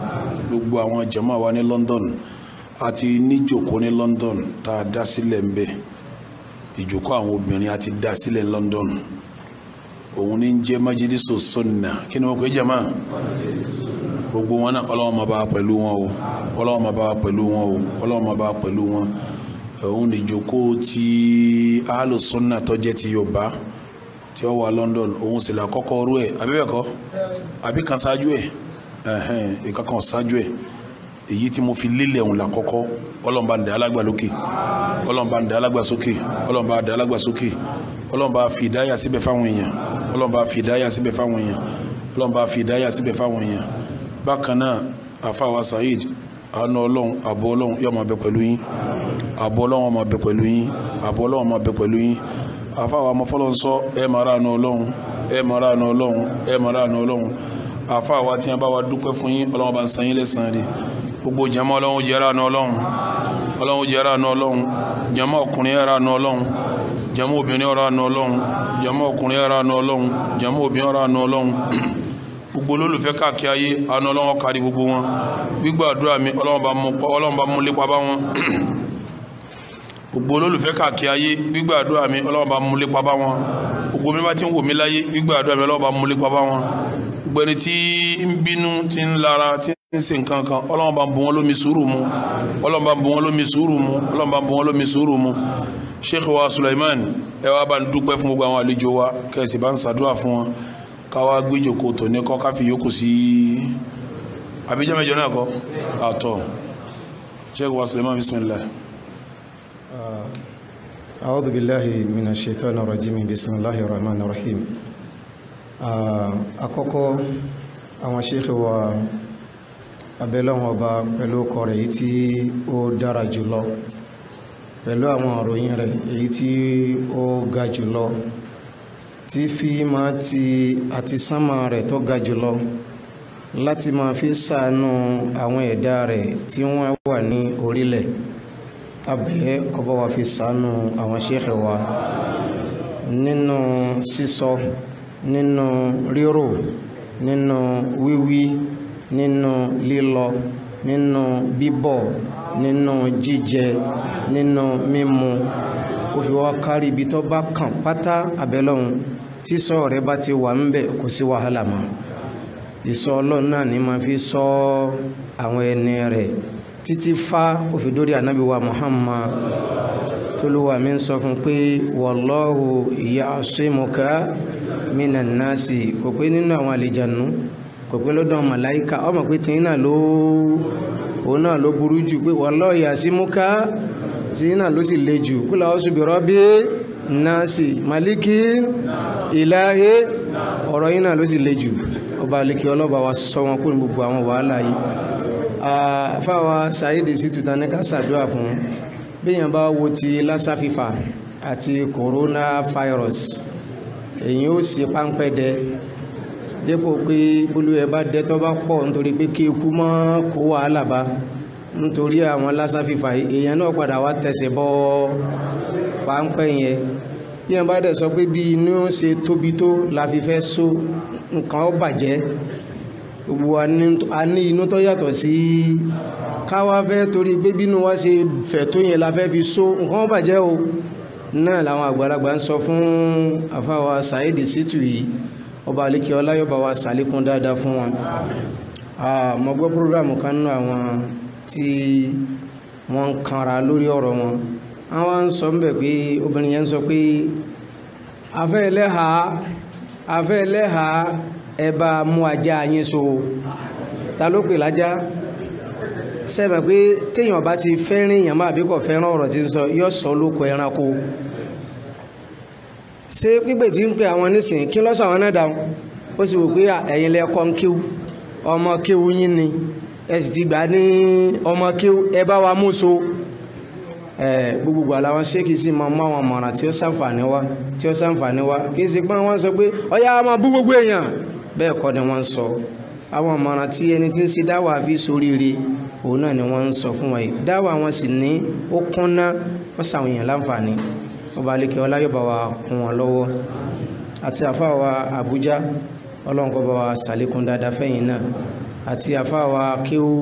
gbogbo àwọn jàmáà wa ní London àti níjòkó ní London tá a dá sílẹ̀ ń bẹ̀ ìjòkó àwọn obìnrin àti dá sílẹ̀ London òun ní jẹ́ májílísù sunna kí ni wọ́n pè jama gbogbo wọn náà ọlọ́wọ́n ma bá pẹ̀lú wọn o ọlọ́wọ́n ma bá pẹ̀lú wọn o ọlọ́wọ́n bá pẹ̀lú wọn òun ní jòkó ti ahlu sunna tó ti Yorùbá tí ó wà London òun sì là kọ́kọ́ rú ẹ̀ abẹ́bẹ̀kọ́ àbí kan ṣáájú ẹ̀ ìka kan ṣáájú ẹ̀ èyí tí mo fi lélẹ̀ òun là kọ́kọ́ ọlọ́mba ń dà alágbà lókè ọlọ́mba ń dà alágbà sókè ọlọ́mba fi ìdáyà síbẹ̀ fáwọn èèyàn ọlọ́run bá fi ìdáyà síbẹ̀ fáwọn èèyàn ọlọ́run bá fi ìdáyà síbẹ̀ fáwọn èèyàn bákan náà àfàwà saheed àánú ọlọ́run àbọ̀ ọlọ́run yóò máa bẹ pẹ̀lú yín àbọ̀ ọlọ́run máa bẹ pẹ̀lú yín àbọ̀ ọlọ́run máa bẹ pẹ̀lú yín àfàwà ọmọfọlọ́nsọ ẹ máa ránu ọlọ́run ẹ máa ránu ọlọ́run ẹ máa ránu ọlọ́run àfàwà tí wọn bá wa dúpẹ́ fún yín ọlọ́run bá ń san yín lẹ́sàn-án gbogbo jàmá ọlọ́run jẹ́ ránu ọlọ́run ọlọ́run jẹ́ ránu ọlọ́run jàmá ọkùnrin ránu ọlọ́run jama obìnrin ọ̀rọ̀ àna ọlọ́run jama ọkùnrin ọ̀rọ̀ àna ọlọ́run jama obìnrin ọ̀rọ̀ àna ọlọ́run gbogbo olólùfẹ́ káàkiri ayé àna ọlọ́run kárí gbogbo wọn gbígbà àdúrà mi ọlọ́run bá mú lépa bá wọn gbogbo olólùfẹ́ káàkiri ayé gbígbà àdúrà mi ọlọ́run bá mú lépa bá wọn gbogbo mi bá ti ń wò mí láyé gbígbà àdúrà mi ọlọ́run bá mú lépa bá wọn gbẹni tí ń bínú tí ń lara tí ń ṣe nǹkan kan ọlọ́run bá bù wọn lómi sùúrù mu ọlọ́run bá bù wọn lómi sùúrù mu ọlọ́run bá bù wọn lómi sùúrù mu sheikh wa suleiman ẹ wá bá ń dúpẹ́ fún gbogbo àwọn àlejò wa kẹsì bá ń ṣàdúrà fún wọn káwá gbéjòkó tò ní kọ́ káfí yòókù sí àbíjọ́ mẹ́jọ náà kọ́ àtọ̀ sheikh wa suleiman bismillah. أعوذ بالله من الشيطان الرجيم بسم الله الرحمن الرحيم àkọ́kọ́ àwọn sheikh wa abẹ́lẹ́wọ̀n ọba pẹ̀lú ọkọ̀ rẹ̀ yìí tí ó dára jùlọ. Uh, pẹ̀lú àwọn ìròyìn rẹ̀ èyí tí ó ga jùlọ tí fi máa ti àti sánmà rẹ̀ tó ga jùlọ láti máa fi ṣàánú àwọn ẹ̀dá rẹ̀ tí wọ́n wà ní orílẹ̀ abẹ́ kọ́bọ́ wa fi ṣàánú àwọn ṣéèkì wa nínú sísọ nínú rírò nínú wíwí nínú lílọ. nínú bíbọ̀ nínú jíjẹ nínú mímu ó fi wá kárí ibi tó pátá tí sọ rẹ̀ ti wà ń bẹ̀ kò sí wàhálà mọ́ ìsọ ọlọ́run náà ni máa fi sọ àwọn ẹni rẹ̀ títí fá ó Muhammad tolúwa mi ń sọ fún pé wallahu kò pé nínú kò pé lọ́dọ̀ màláìka ọmọ pé tìyín náà ló òun náà ló burú jù pé wallahi yasimuka tìyín náà ló sì le jù kúlà a'udhu bi rabbi nasi màlíkì ilahi ọ̀rọ̀ yín náà ló sì le jù ọba àlekè ọlọ́ba wa sọ wọn kúrò gbogbo àwọn wàhálà yìí fáwa ṣàyédè sí tuta ní ká ṣàdúrà fún bíyàn bá wo ti lassa fever àti coronavirus èyí ó sì páńpẹ́ dẹ dépò pé bólú ẹ bá dẹ́tọ́ bá pọ̀ nítorí pé kí ikú mọ́ kó wàhálà bá nítorí àwọn lásán fífa èèyàn náà padà wá tẹ̀sẹ̀ bọ́ páńpẹ́ yẹn bí wọn bá dẹ̀ sọ pé bí inú ṣe tóbi tó la fi fẹ́ so nǹkan ó bàjẹ́ gbogbo a ní inú tó yàtọ̀ sí káwá fẹ́ torí pé bínú wa ṣe fẹ̀ tó yẹn la fẹ́ fi so nǹkan ó bàjẹ́ o náà làwọn àgbàlagbà ń sọ fún àfáwà Saheed Shittu yìí ọba àlékè ọláyọ̀bá wa sàlékún dáadáa fún wọn mo gbọ́ programu kan nínú àwọn tí wọ́n ń kanra lórí ọ̀rọ̀ wọn àwọn ń sọ mbẹ̀ pé obìnrin yẹn ń sọ pé afẹ́ ẹlẹ́ha afẹ́ ẹlẹ́ha ẹ bá mú ajá yín so ta ló pè lájá sẹ́mi pé téèyàn bá ti fẹ́ràn èèyàn má àbíkọ̀ fẹ́ràn ọ̀rọ̀ tí sọ yọ sọ lóko ẹranko ṣé pípè tí ń pè àwọn nísìnyí kí lọ́sọ̀ àwọn náà dáhùn ó sì wò pé ẹ̀yin lẹ ń kíw ọmọ kíw yín ni ẹ sì ti gbà ní ọmọ kíw ẹ bá wa mú so gbogbogbò àlàwọn ṣéèkì sì mọ mọ àwọn ọmọràn tí ó ṣàǹfààní wá tí ó ṣàǹfààní wá kì í ṣe pé wọ́n sọ pé ọyá máa bú gbogbo èèyàn bẹ́ẹ̀ kọ́ ni wọ́n ń sọ àwọn ọmọràn tí ẹni tí ń ṣe dáwà fi soríire òun náà ni wọ́n ń sọ fún wọn yìí dáwà wọn sì ní ó kúnná wọ́n ṣàwọn èèyàn láǹfààní ọba alekè ọlá yóò bá wa kún wọn lọ́wọ́ àti àfáwa Àbújá ọlọ́run bá wa ṣàlékún dáadáa fẹ́yìn náà àti àfáwa kéwú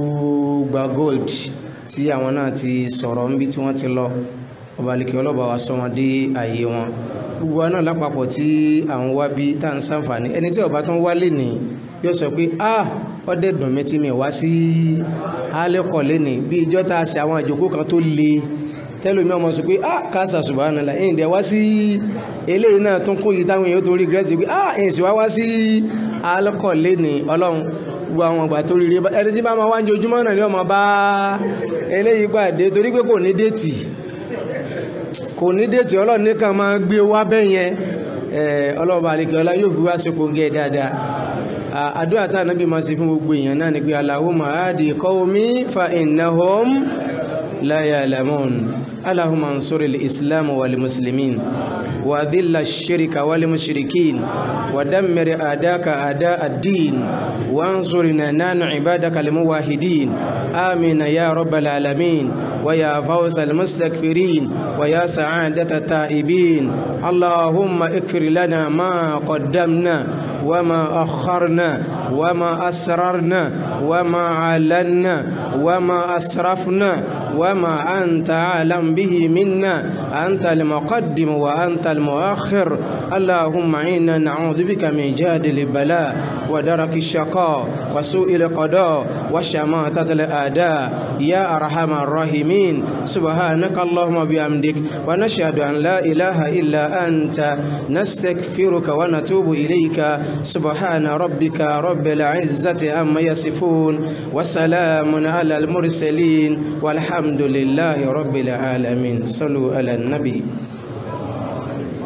gba gold tí àwọn náà ti sọ̀rọ̀ níbi tí wọ́n ti lọ ọba alekè ọlọ́ba wa sọ wọn dé àyè wọn gbogbo wa náà lápapọ̀ tí à ń wá bí tá à ń ṣàǹfààní ẹni tí ọba tó ń wálé nìyí yóò sọ pé ah ọdẹ dùn mí tí mi wá sí alẹ́kọ̀ọ́ lẹ́nìí bí ìjọ tá a àwọn àjòkó kan tó le tẹ́lómi ọmọ sọ pé ah kásà subhanallah ẹ̀yìn dẹ̀ wá sí eléyìí náà tún kún yìí táwọn èèyàn tó rí gírẹ́tì pé ah ẹ̀yìn sì wá wá sí alọ́kọ̀lé ní ọlọ́run gbogbo àwọn ọgbà tó rire ẹni tí bá máa wá ń jojúmọ́ náà ni ọmọ bá eléyìí pàdé torí pé kò ní déètì kò ní déètì ọlọ́run nìkan máa gbé e wá bẹ́ẹ̀ yẹn ọlọ́run bá àlekè ọlá yóò fi wá sí kòńgẹ́ dáadáa àdúrà táà náà bí máa ṣe fún gbogbo èèyàn náà ni pé Allahumma hadi qawmi fa innahum. لا يعلمون اللهم انصر الإسلام والمسلمين وأذل الشرك والمشركين ودمر أعداءك أعداء الدين وانصرنا نان عبادك الموحدين آمين يا رب العالمين ويا فوز المستكفرين ويا سعادة التائبين اللهم اكفر لنا ما قدمنا وما أخرنا وما أسررنا وما علنا وما أسرفنا وما أنت أعلم به منا أنت المقدم وأنت المؤخر اللهم إنا نعوذ بك من جاد البلاء ودرك الشقاء وسوء القضاء وشماتة الأداء يا أرحم الراحمين سبحانك اللهم بأمدك ونشهد أن لا إله إلا أنت نستكفرك ونتوب إليك سبحان ربك رب العزة أما يصفون وسلام على المرسلين والحمد لله رب العالمين صلوا على النبي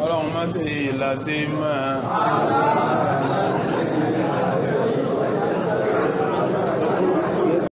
اللهم صل على سيدنا